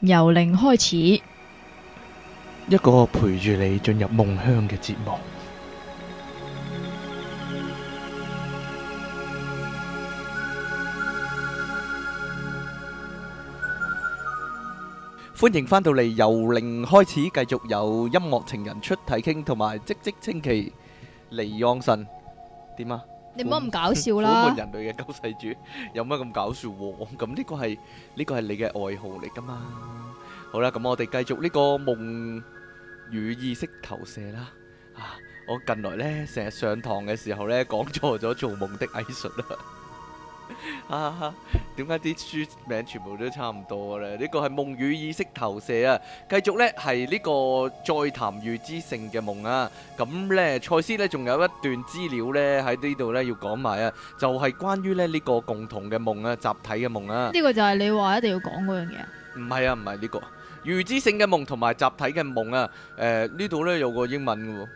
由零開始，一個陪住你進入夢鄉嘅節目。歡迎返到嚟，由零開始，繼續有音樂情人出睇傾，同埋積積清奇尼昂神點啊！你唔好咁搞笑啦！腐 人類嘅救世主，有乜咁搞笑喎？咁 呢個係呢、呢個係你嘅愛好嚟噶嘛？好啦，咁我哋繼續呢個夢與意識投射啦。啊，我近來呢，成日上堂嘅時候呢，講錯咗做夢的藝術啦。 啊哈！點解啲書名全部都差唔多咧？呢個係夢與意識投射啊！繼續咧係呢個再談預知性嘅夢啊！咁咧賽斯咧仲有一段資料咧喺呢度咧要講埋啊，就係關於咧呢個共同嘅夢啊，集體嘅夢啊！呢個就係你話一定要講嗰樣嘢啊？唔係啊，唔係呢個預知性嘅夢同埋集體嘅夢啊！誒，呢度咧有個英文嘅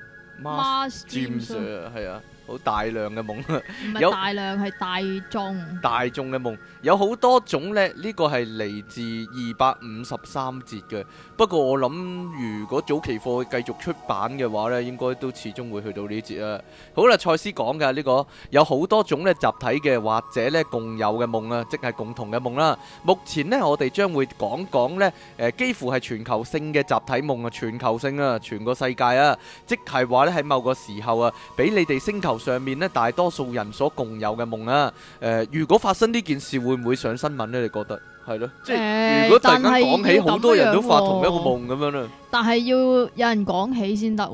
，Mass Dreams，係啊。好大量嘅夢，啊，唔係大量係有大眾，大眾嘅夢有好多種咧。呢、這個係嚟自二百五十三節嘅。不過我諗如果早期課繼續出版嘅話咧，應該都始終會去到呢節啊。好啦，賽斯講嘅呢個有好多種咧，集體嘅或者咧共有嘅夢啊，即係共同嘅夢啦。目前咧我哋將會講講咧，誒、呃、幾乎係全球性嘅集體夢啊，全球性啊，全個世界啊，即係話咧喺某個時候啊，俾你哋星球。上面咧，大多數人所共有嘅夢啦。誒、呃，如果發生呢件事，會唔會上新聞呢？你覺得係咯？即係如果突然間講起，好多人都發同一個夢咁樣啦、啊。但係要有人講起先得喎，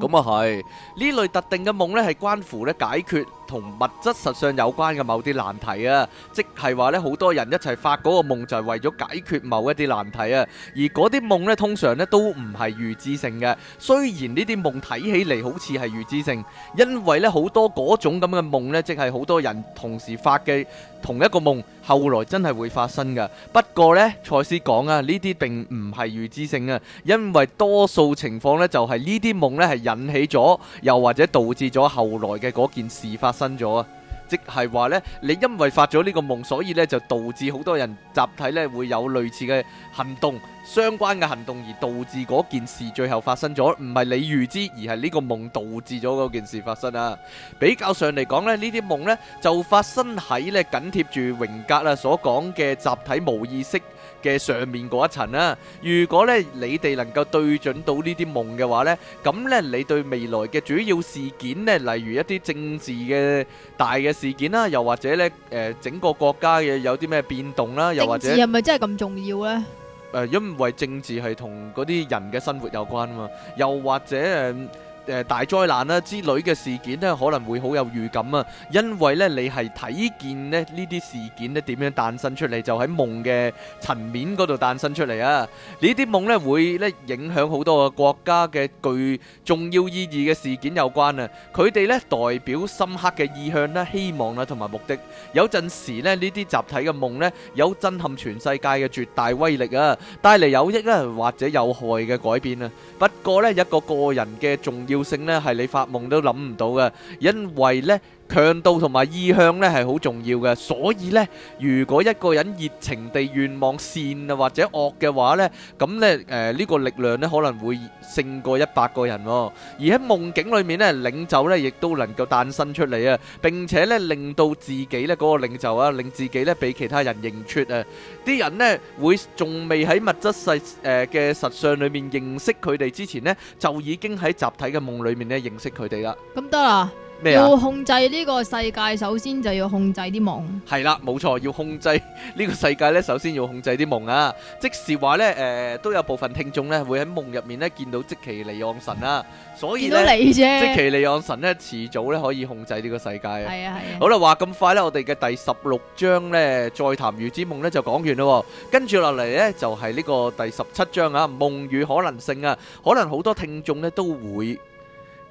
咁啊，係呢類特定嘅夢呢，係關乎咧解決同物質實上有關嘅某啲難題啊，即係話呢，好多人一齊發嗰個夢就係為咗解決某一啲難題啊，而嗰啲夢呢，通常呢都唔係預知性嘅，雖然呢啲夢睇起嚟好似係預知性，因為呢好多嗰種咁嘅夢呢，即係好多人同時發嘅同一個夢，後來真係會發生噶。不過呢，賽斯講啊，呢啲並唔係預知性啊，因因為多數情況呢，就係呢啲夢呢，係引起咗，又或者導致咗後來嘅嗰件事發生咗啊！即係話呢，你因為發咗呢個夢，所以呢，就導致好多人集體呢會有類似嘅行動，相關嘅行動而導致嗰件事最後發生咗。唔係你預知，而係呢個夢導致咗嗰件事發生啊！比較上嚟講呢，呢啲夢呢，就發生喺呢緊貼住榮格啊所講嘅集體無意識。嘅上面嗰一層啦、啊，如果咧你哋能夠對準到呢啲夢嘅話呢，咁呢你對未來嘅主要事件呢，例如一啲政治嘅大嘅事件啦，又或者呢誒、呃，整個國家嘅有啲咩變動啦，又或者係咪真係咁重要呢、呃？因為政治係同嗰啲人嘅生活有關啊嘛，又或者誒。呃誒，大災難啦之類嘅事件咧，可能會好有預感啊！因為咧，你係睇見咧呢啲事件咧點樣誕生出嚟，就喺夢嘅層面度誕生出嚟啊！呢啲夢咧會咧影響好多個國家嘅具重要意義嘅事件有關啊！佢哋咧代表深刻嘅意向啦、希望啦同埋目的。有陣時咧呢啲集體嘅夢咧有震撼全世界嘅絕大威力啊！帶嚟有益啊或者有害嘅改變啊！不過咧一個個人嘅重要。叫性咧，係你發夢都諗唔到嘅，因為咧。強度同埋意向咧，係好重要嘅。所以咧，如果一個人熱情地願望善啊或者惡嘅話咧，咁咧，誒，呢個力量咧可能會勝過一百個人。而喺夢境裏面咧，領袖咧亦都能夠誕生出嚟啊，並且咧令到自己咧嗰個領袖啊，令自己咧被其他人認出啊。啲人咧會仲未喺物質世，誒，嘅實相裏面認識佢哋之前咧，就已經喺集體嘅夢裏面咧認識佢哋啦。咁得啦。要控制呢個世界，首先就要控制啲夢。係啦，冇錯，要控制呢個世界呢，首先要控制啲夢啊！即係話呢，誒，都有部分聽眾呢會喺夢入面呢見到即其利昂神啦，所以咧，即其利昂神呢遲早呢可以控制呢個世界。係啊，係啊。好啦，話咁快呢，我哋嘅第十六章呢，再談《預知夢》呢就講完咯。跟住落嚟呢，就係呢個第十七章啊，《夢與可能性》啊，可能好多聽眾呢都會。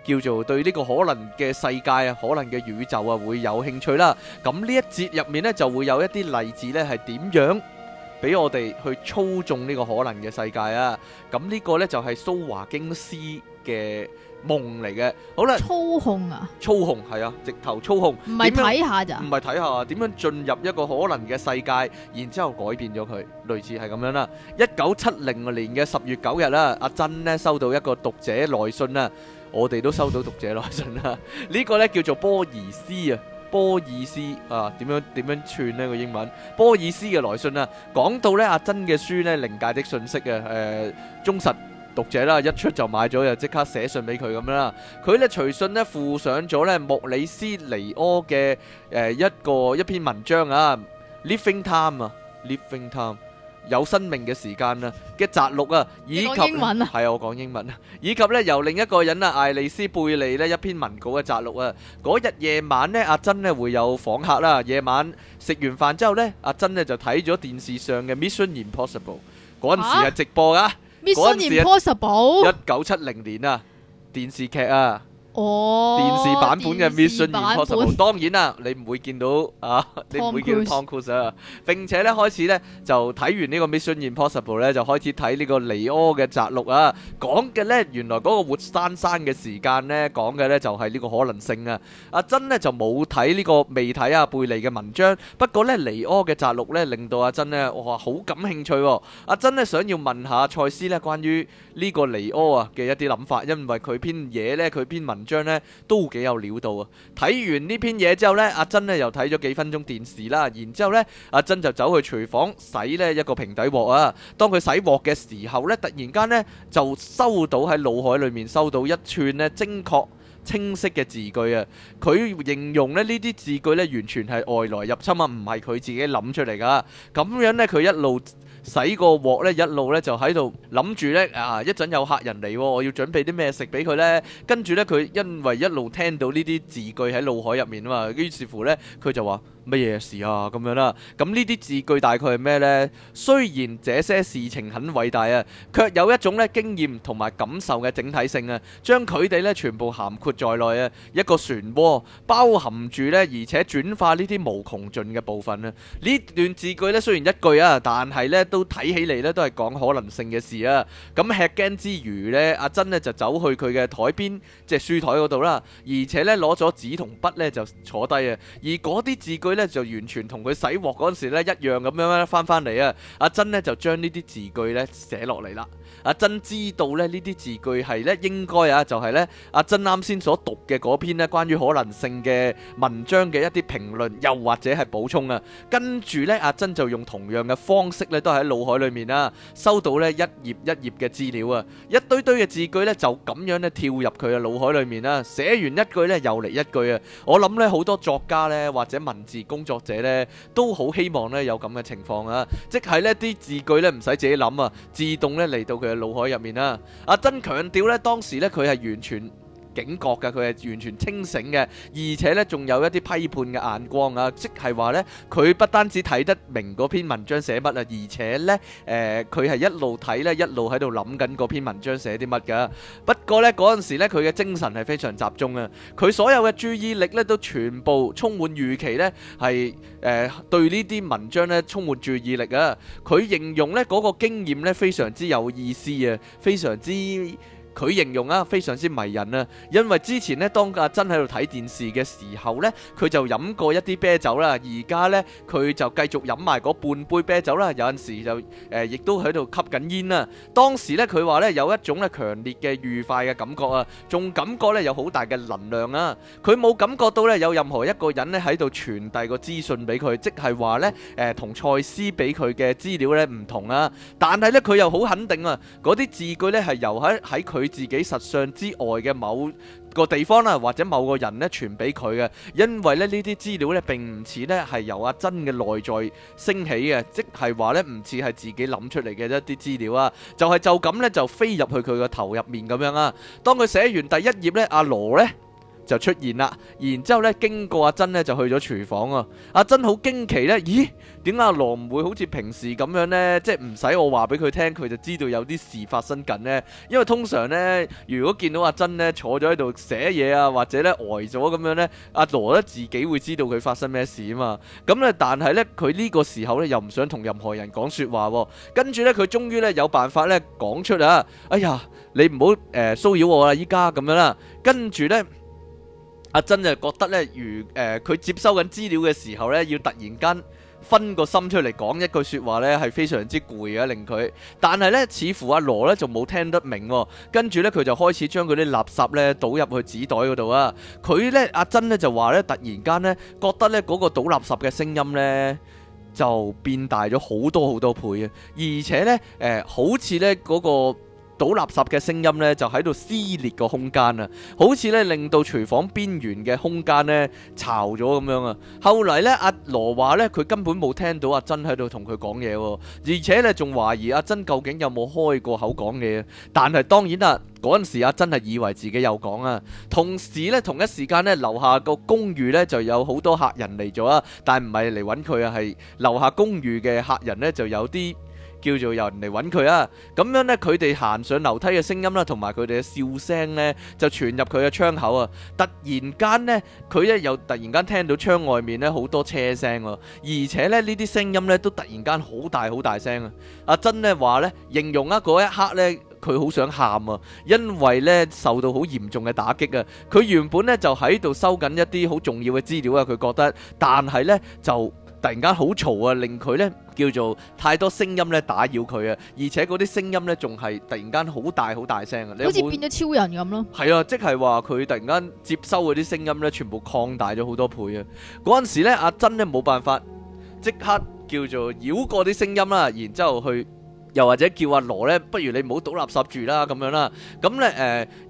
叫做對呢個可能嘅世界啊，可能嘅宇宙啊，會有興趣啦。咁呢一節入面咧，就會有一啲例子咧，係點樣俾我哋去操縱呢個可能嘅世界啊？咁呢個咧就係蘇華經斯嘅夢嚟嘅。好啦，操控啊，操控係啊，直頭操控，唔係睇下咋，唔係睇下點樣進入一個可能嘅世界，然之後改變咗佢，類似係咁樣啦。一九七零年嘅十月九日啦，阿珍咧收到一個讀者來信啊。我哋都收到讀者來信啦，呢個呢叫做波爾斯，波爾斯啊，波爾斯啊，點樣點樣串呢、這個英文？波爾斯嘅來信啊，講到呢阿珍嘅書呢，靈界的訊息啊。誒、呃、忠實讀者啦，一出就買咗，就即刻寫信俾佢咁樣啦。佢呢隨信呢附上咗呢莫里斯尼柯嘅誒一個一篇文章啊，Living Time 啊，Living Time。有生命嘅時間啊，嘅摘錄啊，以及係啊，嗯、我講英文啊，以及咧由另一個人啊，艾利斯貝利呢一篇文稿嘅摘錄啊。嗰日夜晚咧，阿珍呢會有訪客啦、啊。夜晚食完飯之後咧，阿珍呢就睇咗電視上嘅 Mission Impossible。嗰陣時係直播㗎、啊。Mission Impossible、啊。一九七零年啊，電視劇啊。哦，電視版本嘅《Mission Impossible》，當然啦，你唔會見到啊，你唔會見到 Tom Cruise 啊。並且咧開始咧就睇完呢個《Mission Impossible》咧，就開始睇呢個尼柯嘅摘錄啊。講嘅咧原來嗰個活生生嘅時間咧，講嘅咧就係呢個可能性啊。阿珍咧就冇睇呢個未睇阿貝利嘅文章，不過咧尼柯嘅摘錄咧令到阿珍咧哇好感興趣喎。阿珍咧想要問下賽斯咧關於呢個尼柯啊嘅一啲諗法，因為佢篇嘢咧佢篇文。張呢都幾有料到啊！睇完呢篇嘢之後呢，阿珍呢又睇咗幾分鐘電視啦，然之後呢，阿珍就走去廚房洗呢一個平底鑊啊。當佢洗鑊嘅時候呢，突然間呢，就收到喺腦海裏面收到一串呢精確清晰嘅字句啊。佢形容呢呢啲字句呢，完全係外來入侵啊，唔係佢自己諗出嚟噶。咁樣呢，佢一路。洗個鑊咧、啊，一路咧就喺度諗住咧，啊一陣有客人嚟，我要準備啲咩食俾佢咧。跟住咧，佢因為一路聽到呢啲字句喺腦海入面啊嘛，於是乎咧，佢就話。乜嘢事啊？咁樣啦，咁呢啲字句大概係咩咧？雖然這些事情很偉大啊，卻有一種咧經驗同埋感受嘅整體性啊，將佢哋咧全部涵括在內啊，一個漩渦包含住咧，而且轉化呢啲無窮盡嘅部分啊。呢段字句咧雖然一句啊，但係咧都睇起嚟咧都係講可能性嘅事啊。咁吃驚之餘咧，阿珍咧就走去佢嘅台邊即係書台度啦，而且咧攞咗紙同筆咧就坐低啊，而啲字句。咧就完全同佢洗鑊嗰時咧一樣咁樣咧翻翻嚟啊！阿珍咧就將呢啲字句咧寫落嚟啦。阿珍知道咧呢啲字句係咧應該啊就係咧阿珍啱先所讀嘅嗰篇咧關於可能性嘅文章嘅一啲評論，又或者係補充啊。跟住咧阿珍就用同樣嘅方式咧都係喺腦海裏面啊，收到咧一頁一頁嘅資料啊，一堆堆嘅字句咧就咁樣咧跳入佢嘅腦海裏面啦。寫完一句咧又嚟一句啊！我諗咧好多作家咧或者文字。工作者咧都好希望咧有咁嘅情況啊，即係咧啲字句咧唔使自己諗啊，自動咧嚟到佢嘅腦海入面啦。阿曾強調咧，當時咧佢係完全。警覺噶，佢係完全清醒嘅，而且呢，仲有一啲批判嘅眼光啊，即係話呢，佢不單止睇得明嗰篇文章寫乜啊，而且呢，誒、呃，佢係一路睇呢，一路喺度諗緊嗰篇文章寫啲乜噶。不過呢，嗰陣時呢，佢嘅精神係非常集中啊，佢所有嘅注意力呢，都全部充滿預期呢，係誒、呃、對呢啲文章呢充滿注意力啊。佢形容呢嗰個經驗呢，非常之有意思啊，非常之。佢形容啊，非常之迷人啊，因為之前咧當阿珍喺度睇電視嘅時候咧，佢就飲過一啲啤酒啦，而家咧佢就繼續飲埋嗰半杯啤酒啦，有陣時就誒亦都喺度吸緊煙啦。當時咧佢話咧有一種咧強烈嘅愉快嘅感覺啊，仲感覺咧有好大嘅能量啊，佢冇感覺到咧有任何一個人咧喺度傳遞個資訊俾佢，即係話咧誒同蔡司俾佢嘅資料咧唔同啊，但係咧佢又好肯定啊，嗰啲字句咧係由喺喺佢，佢自己實相之外嘅某個地方啦，或者某個人咧，傳俾佢嘅，因為咧呢啲資料咧並唔似咧係由阿珍嘅內在升起嘅，即係話咧唔似係自己諗出嚟嘅一啲資料啊，就係就咁咧就飛入去佢個頭入面咁樣啊。當佢寫完第一頁咧，阿羅咧，就出現啦，然之後咧，經過阿珍咧，就去咗廚房啊。阿珍好驚奇咧，咦？點解阿羅唔會好似平時咁樣咧，即係唔使我話俾佢聽，佢就知道有啲事發生緊咧？因為通常咧，如果見到阿珍咧坐咗喺度寫嘢啊，或者咧呆咗咁樣咧，阿羅咧自己會知道佢發生咩事啊嘛。咁咧，但係咧，佢呢個時候咧又唔想同任何人講説話喎、啊。跟住咧，佢終於咧有辦法咧講出嚟啊，哎呀，你唔好誒騷擾我啦，依家咁樣啦。跟住咧。阿珍就覺得咧，如誒佢接收緊資料嘅時候咧，要突然間分個心出嚟講一句説話咧，係非常之攰啊，令佢。但係咧，似乎阿羅咧就冇聽得明喎。跟住咧，佢就開始將嗰啲垃圾咧倒入去紙袋嗰度啊。佢咧，阿珍咧就話咧，突然間咧覺得咧嗰個倒垃圾嘅聲音咧就變大咗好多好多倍啊，而且咧誒、呃、好似咧嗰個。倒垃圾嘅聲音呢，就喺度撕裂個空間啊！好似呢令到廚房邊緣嘅空間呢，嘈咗咁樣啊！後嚟呢，阿羅話呢，佢根本冇聽到阿珍喺度同佢講嘢喎，而且呢，仲懷疑阿珍究竟有冇開過口講嘢。但係當然啦，嗰陣時阿珍係以為自己有講啊。同時呢，同一時間呢，樓下個公寓呢，就有好多客人嚟咗啊！但係唔係嚟揾佢啊！係樓下公寓嘅客人呢，就有啲。叫做有人嚟揾佢啊！咁樣呢，佢哋行上樓梯嘅聲音啦，同埋佢哋嘅笑聲呢，就傳入佢嘅窗口啊！突然間呢，佢咧又突然間聽到窗外面呢，好多車聲咯，而且呢，呢啲聲音呢都突然間好大好大聲啊！阿珍呢話呢，形容啊嗰一刻呢，佢好想喊啊，因為呢受到好嚴重嘅打擊啊！佢原本呢就喺度收緊一啲好重要嘅資料啊，佢覺得，但係呢就。突然間好嘈啊，令佢咧叫做太多聲音咧打擾佢啊，而且嗰啲聲音咧仲係突然間好大好大聲啊！你好似變咗超人咁咯，係 啊，即係話佢突然間接收嗰啲聲音咧，全部擴大咗好多倍啊！嗰陣時咧，阿珍咧冇辦法即刻叫做繞過啲聲音啦，然之後去。又或者叫阿羅咧，不如你唔好倒垃圾住啦，咁樣啦。咁咧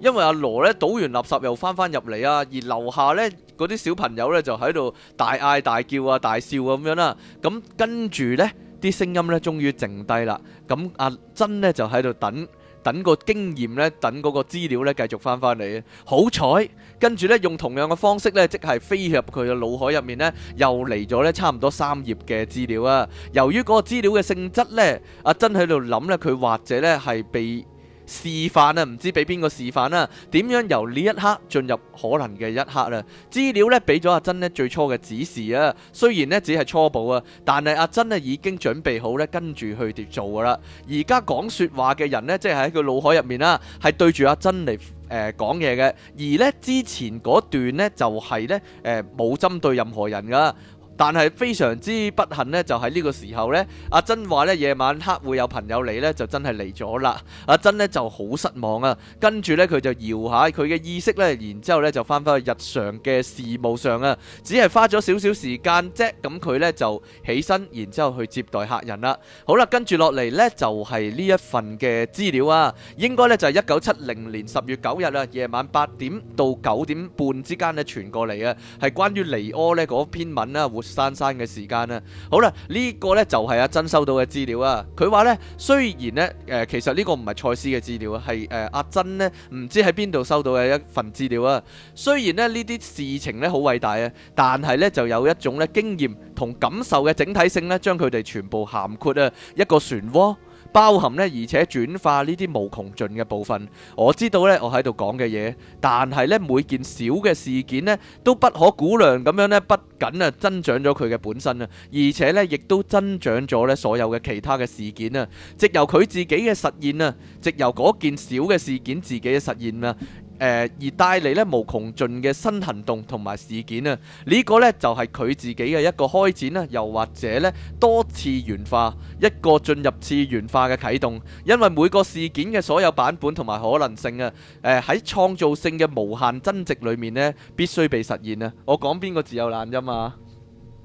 誒，因為阿羅咧倒完垃圾又返返入嚟啊，而樓下咧嗰啲小朋友咧就喺度大嗌、大叫啊、大笑啊咁樣啦。咁跟住咧啲聲音咧終於靜低啦。咁阿珍咧就喺度等。等個經驗咧，等嗰個資料咧繼續返返嚟。好彩，跟住咧用同樣嘅方式咧，即係飛入佢嘅腦海入面咧，又嚟咗咧差唔多三頁嘅資料啊。由於嗰個資料嘅性質咧，阿珍喺度諗咧，佢或者咧係被。示範啊，唔知俾邊個示範啊？點樣由呢一刻進入可能嘅一刻啊？資料咧俾咗阿珍呢最初嘅指示啊，雖然呢，只係初步啊，但係阿珍呢已經準備好咧跟住去碟做噶啦。而家講說話嘅人呢，即係喺佢腦海入面啦，係對住阿珍嚟誒講嘢嘅。而呢之前嗰段呢，就係呢，誒冇針對任何人噶。但係非常之不幸呢，就喺呢個時候呢，阿珍話呢夜晚黑會有朋友嚟呢，就真係嚟咗啦。阿珍呢就好失望啊。跟住呢，佢就搖下佢嘅意識呢，然之後呢就翻返去日常嘅事務上啊。只係花咗少少時間啫。咁佢呢就起身，然之後去接待客人啦。好啦，跟住落嚟呢，就係呢一份嘅資料啊。應該呢，就係一九七零年十月九日啊，夜晚八點到九點半之間呢傳過嚟嘅，係關於尼柯呢嗰篇文啦。山山嘅時間啦，好啦，呢、這個呢就係阿珍收到嘅資料啊。佢話呢，雖、呃呃呢，雖然呢，誒，其實呢個唔係賽斯嘅資料啊，係誒阿珍呢唔知喺邊度收到嘅一份資料啊。雖然呢呢啲事情呢好偉大啊，但係呢就有一種呢經驗同感受嘅整體性呢，將佢哋全部涵括啊，一個漩渦。包含咧，而且轉化呢啲無窮盡嘅部分。我知道咧，我喺度講嘅嘢，但係咧每件小嘅事件咧都不可估量咁樣咧，不僅啊增長咗佢嘅本身啊，而且咧亦都增長咗咧所有嘅其他嘅事件啊，藉由佢自己嘅實現啊，藉由嗰件小嘅事件自己嘅實現啊。誒，而帶嚟咧無窮盡嘅新行動同埋事件啊，呢、這個呢就係佢自己嘅一個開展啦，又或者呢多次元化一個進入次元化嘅啟動，因為每個事件嘅所有版本同埋可能性啊，誒喺創造性嘅無限增值裏面呢，必須被實現啊！我講邊個字有懶音啫嘛？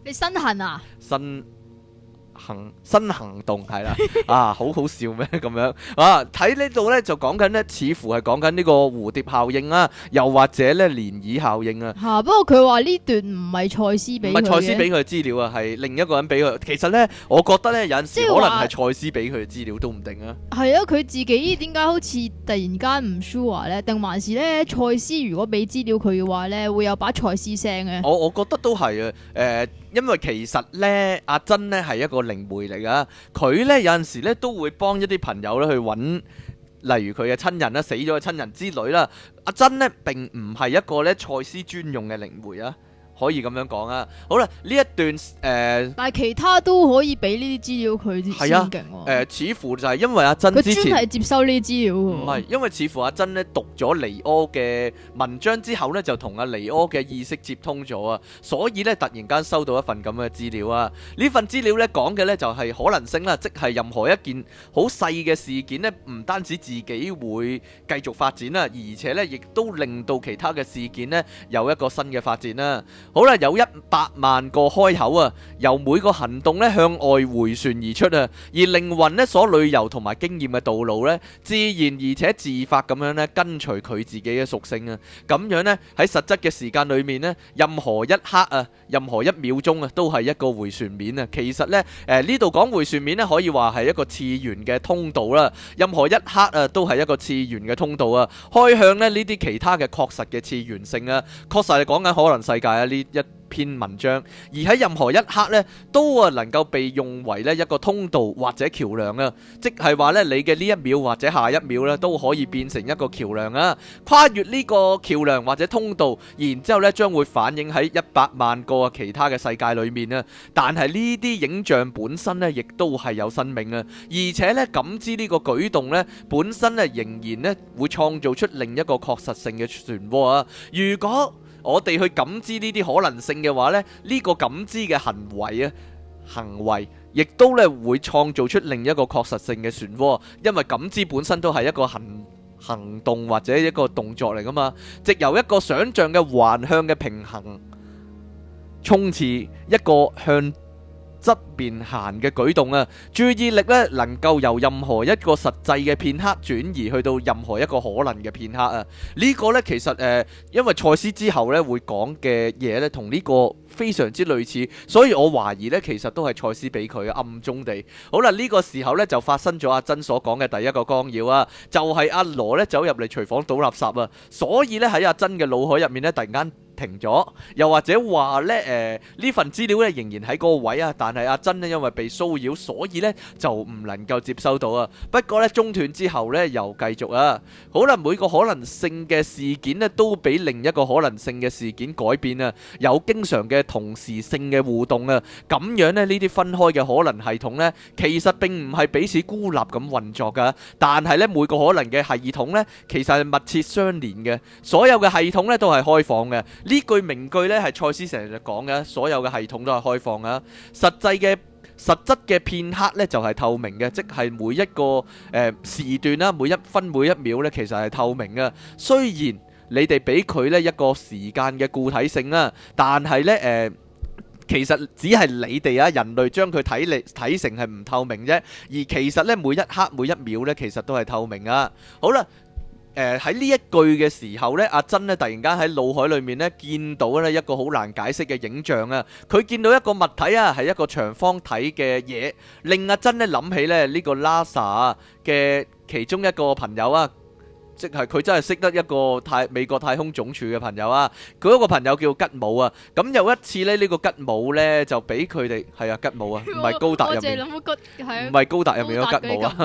你身痕啊？新。行新行動係啦， 啊，好好笑咩咁樣啊？睇呢度咧就講緊咧，似乎係講緊呢個蝴蝶效應啊，又或者咧漣漪效應啊。嚇、啊！不過佢話呢段唔係蔡司俾，蔡司俾佢資料啊，係另一個人俾佢。其實咧，我覺得咧，有時可能係蔡司俾佢資料都唔定啊。係啊，佢自己點解好似突然間唔 sure 咧？定還是咧，蔡司如果俾資料佢嘅話咧，會有把蔡司聲嘅？我我覺得都係啊，誒、呃。呃因為其實呢，阿珍呢係一個靈媒嚟㗎，佢呢有陣時呢都會幫一啲朋友呢去揾，例如佢嘅親人啦、死咗嘅親人之類啦。阿珍呢並唔係一個呢賽斯專用嘅靈媒啊。可以咁樣講啊！好啦，呢一段誒，呃、但係其他都可以俾呢啲資料佢，係啊，誒、啊呃，似乎就係因為阿珍佢專係接收呢啲資料、啊，唔係因為似乎阿珍呢讀咗尼柯嘅文章之後呢，就同阿尼柯嘅意識接通咗啊，所以呢，突然間收到一份咁嘅資料啊！呢份資料呢，講嘅呢就係、是、可能性啦，即係任何一件好細嘅事件呢，唔單止自己會繼續發展啦，而且呢，亦都令到其他嘅事件呢，有一個新嘅發展啦。好啦，有一百萬個開口啊，由每個行動咧向外迴旋而出啊，而靈魂咧所旅遊同埋經驗嘅道路咧，自然而且自發咁樣咧，跟隨佢自己嘅屬性啊，咁樣咧喺實質嘅時間裏面咧，任何一刻啊。任何一秒鐘啊，都係一個迴旋面啊。其實咧，誒呢度講迴旋面咧，可以話係一個次元嘅通道啦。任何一刻啊，都係一個次元嘅通道啊，開向咧呢啲其他嘅確實嘅次元性啊。確實係講緊可能世界啊呢一篇文章，而喺任何一刻咧，都啊能夠被用為咧一個通道或者橋樑啊，即係話咧你嘅呢一秒或者下一秒咧都可以變成一個橋樑啊，跨越呢個橋樑或者通道，然之後咧將會反映喺一百萬個其他嘅世界裏面啊。但係呢啲影像本身咧，亦都係有生命啊，而且咧感知呢個舉動咧，本身咧仍然咧會創造出另一個確實性嘅漩渦啊。如果我哋去感知呢啲可能性嘅話咧，呢、呢個感知嘅行為啊，行為亦都咧會創造出另一個確實性嘅漩渦，因為感知本身都係一個行行動或者一個動作嚟噶嘛，藉由一個想象嘅幻向嘅平衡衝刺，一個向。側邊行嘅舉動啊，注意力咧能夠由任何一個實際嘅片刻轉移去到任何一個可能嘅片刻啊，呢、這個咧其實誒、呃，因為賽斯之後咧會講嘅嘢咧同呢個非常之類似，所以我懷疑咧其實都係賽斯俾佢暗中地。好啦，呢、這個時候咧就發生咗阿珍所講嘅第一個干擾啊，就係、是、阿羅咧走入嚟廚房倒垃圾啊，所以咧喺阿珍嘅腦海入面咧突然間。停咗，又或者話咧，誒呢份資料咧仍然喺嗰個位啊，但係阿珍咧因為被騷擾，所以咧就唔能夠接收到啊。不過咧中斷之後咧又繼續啊。可能每個可能性嘅事件咧都俾另一個可能性嘅事件改變啊，有經常嘅同時性嘅互動啊，咁樣咧呢啲分開嘅可能系統咧其實並唔係彼此孤立咁運作噶，但係咧每個可能嘅系統咧其實係密切相連嘅，所有嘅系統咧都係開放嘅。呢句名句呢，係賽斯成日就講嘅，所有嘅系統都係開放嘅。實際嘅實質嘅片刻呢，就係透明嘅，即係每一個誒、呃、時段啦，每一分每一秒呢，其實係透明嘅。雖然你哋俾佢呢一個時間嘅固體性啊，但係呢，誒、呃，其實只係你哋啊人類將佢睇嚟睇成係唔透明啫，而其實呢，每一刻每一秒呢，其實都係透明啊。好啦。誒喺呢一句嘅時候呢，阿珍咧突然間喺腦海裡面呢見到咧一個好難解釋嘅影像啊！佢見到一個物體啊，係一個長方體嘅嘢，令阿珍咧諗起咧呢個 Lasa 嘅其中一個朋友啊。即係佢真係識得一個太美國太空總署嘅朋友啊！佢一個朋友叫吉姆啊！咁有一次咧，呢、呢個吉姆咧就俾佢哋係啊吉姆啊，唔係高達入面，唔係高達入面嗰吉姆啊！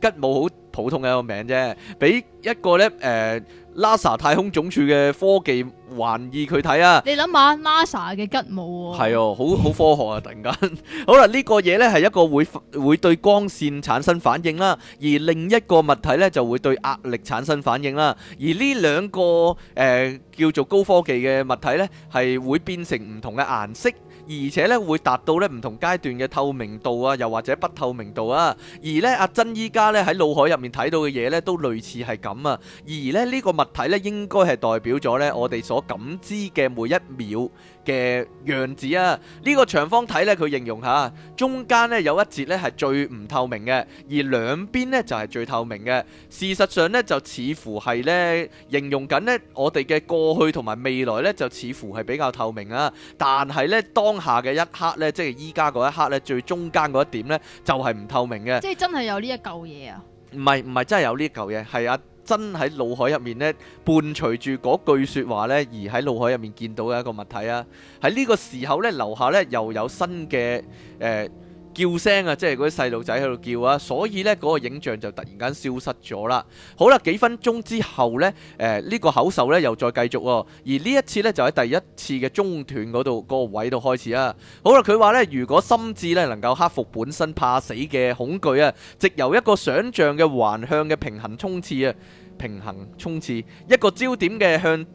吉姆好、啊、 普通嘅一個名啫，俾一個咧誒，NASA 太空總署嘅科技。還意佢睇啊！你諗下，NASA 嘅吉姆喎，係哦，好好科學啊！突然間，好啦，呢個嘢咧係一個會會對光線產生反應啦，而另一個物體咧就會對壓力產生反應啦。而呢兩個誒叫做高科技嘅物體咧，係會變成唔同嘅顏色，而且咧會達到咧唔同階段嘅透明度啊，又或者不透明度啊。而咧阿珍依家咧喺腦海入面睇到嘅嘢咧，都類似係咁啊。而咧呢個物體咧應該係代表咗咧我哋所我感知嘅每一秒嘅樣子啊，呢、呢個長方體咧，佢形容下中間咧有一節咧係最唔透明嘅，而兩邊咧就係、係、最透明嘅。事實上咧，就似乎係咧，形容緊咧我哋嘅過去同埋未來咧，就似乎係比較透明啊。但係咧當下嘅一刻咧，即係依家嗰一刻咧，最中間嗰一點咧，就係、係、唔透明嘅。即係真係有呢一舊嘢啊？唔係唔係真係有呢舊嘢，係啊。真喺腦海入面呢，伴隨住嗰句説話呢，而喺腦海入面見到嘅一個物體啊！喺呢個時候呢，樓下呢又有新嘅誒。呃叫聲啊，即係嗰啲細路仔喺度叫啊，所以呢，嗰個影像就突然間消失咗啦。好啦，幾分鐘之後呢，誒、呃、呢、這個口哨呢又再繼續喎、啊。而呢一次呢，就喺第一次嘅中斷嗰度嗰個位度開始啊。好啦，佢話呢，如果心智呢能夠克服本身怕死嘅恐懼啊，藉由一個想像嘅橫向嘅平衡衝刺啊，平衡衝刺一個焦點嘅向。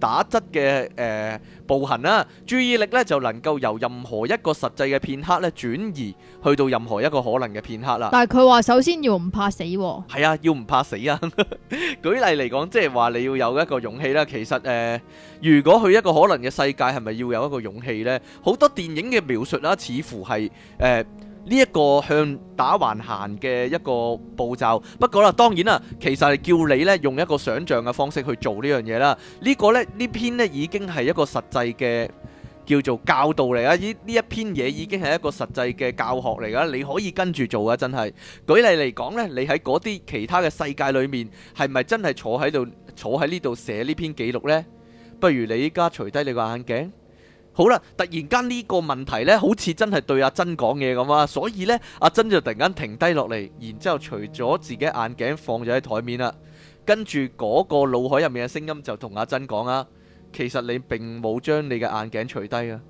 打側嘅誒步行啦、啊，注意力咧就能夠由任何一個實際嘅片刻咧轉移去到任何一個可能嘅片刻啦。但係佢話首先要唔怕死喎。係啊，要唔怕死啊！啊死啊 舉例嚟講，即係話你要有一個勇氣啦。其實誒、呃，如果去一個可能嘅世界，係咪要有一個勇氣呢？好多電影嘅描述啦、啊，似乎係誒。呃呢一個向打橫行嘅一個步驟，不過啦，當然啦，其實係叫你咧用一個想像嘅方式去做、這個、呢樣嘢啦。呢個咧呢篇咧已經係一個實際嘅叫做教導嚟啊！依呢一篇嘢已經係一個實際嘅教學嚟啊！你可以跟住做啊！真係，舉例嚟講呢你喺嗰啲其他嘅世界裏面，係咪真係坐喺度坐喺呢度寫呢篇記錄呢？不如你依家除低你個眼鏡。好啦，突然間呢個問題呢，好似真係對阿珍講嘢咁啊，所以呢，阿珍就突然間停低落嚟，然之後除咗自己眼鏡放咗喺台面啦，跟住嗰個腦海入面嘅聲音就同阿珍講啊，其實你並冇將你嘅眼鏡除低啊。」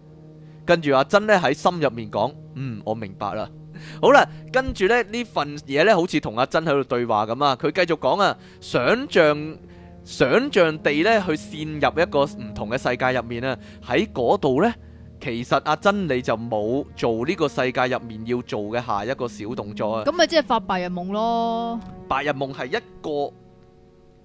跟住阿珍呢喺心入面講，嗯，我明白啦，好啦，跟住咧呢份嘢呢，好似同阿珍喺度對話咁啊，佢繼續講啊，想象。想象地咧去陷入一個唔同嘅世界入面啊，喺嗰度呢，其實阿珍你就冇做呢個世界入面要做嘅下一個小動作啊。咁咪即係發白日夢咯。白日夢係一個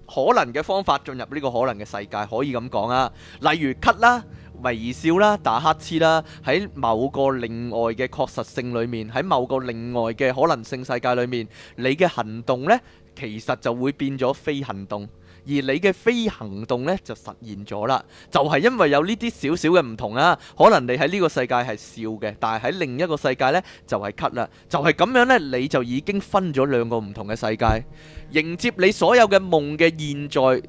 可能嘅方法，進入呢個可能嘅世界，可以咁講啊。例如咳啦、微笑啦、打乞嗤啦，喺某個另外嘅確實性裏面，喺某個另外嘅可能性世界裏面，你嘅行動呢，其實就會變咗非行動。而你嘅非行動呢，就實現咗啦，就係、是、因為有呢啲少少嘅唔同啦、啊。可能你喺呢個世界係笑嘅，但係喺另一個世界呢，就係咳啦，就係、是、咁樣呢，你就已經分咗兩個唔同嘅世界，迎接你所有嘅夢嘅現在。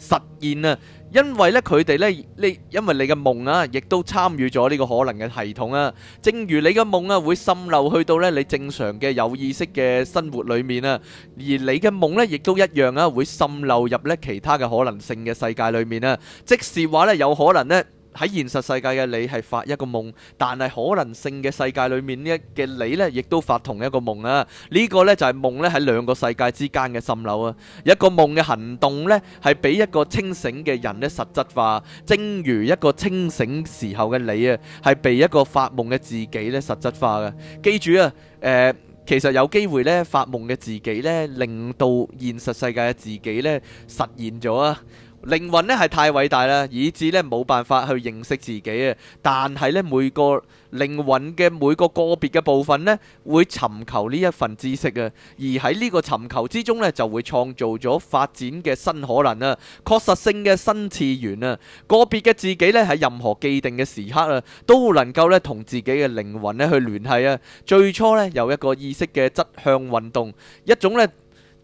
實現啊！因為咧，佢哋咧，你因為你嘅夢啊，亦都參與咗呢個可能嘅系統啊。正如你嘅夢啊，會滲漏去到咧你正常嘅有意識嘅生活裡面啊，而你嘅夢呢，亦都一樣啊，會滲漏入呢其他嘅可能性嘅世界裡面啊。即是話呢，有可能呢。喺現實世界嘅你係發一個夢，但係可能性嘅世界裡面呢嘅你呢，亦都發同一個夢啊！呢、這個呢，就係、是、夢呢，喺兩個世界之間嘅滲漏啊！一個夢嘅行動呢，係俾一個清醒嘅人呢實質化，正如一個清醒時候嘅你啊，係被一個發夢嘅自己呢實質化嘅。記住啊，誒、呃，其實有機會呢，發夢嘅自己呢，令到現實世界嘅自己呢實現咗啊！靈魂咧係太偉大啦，以致咧冇辦法去認識自己啊！但係咧每個靈魂嘅每個個別嘅部分咧，會尋求呢一份知識啊！而喺呢個尋求之中咧，就會創造咗發展嘅新可能啊！確實性嘅新次元啊！個別嘅自己咧喺任何既定嘅時刻啊，都能夠咧同自己嘅靈魂咧去聯繫啊！最初咧有一個意識嘅質向運動，一種咧，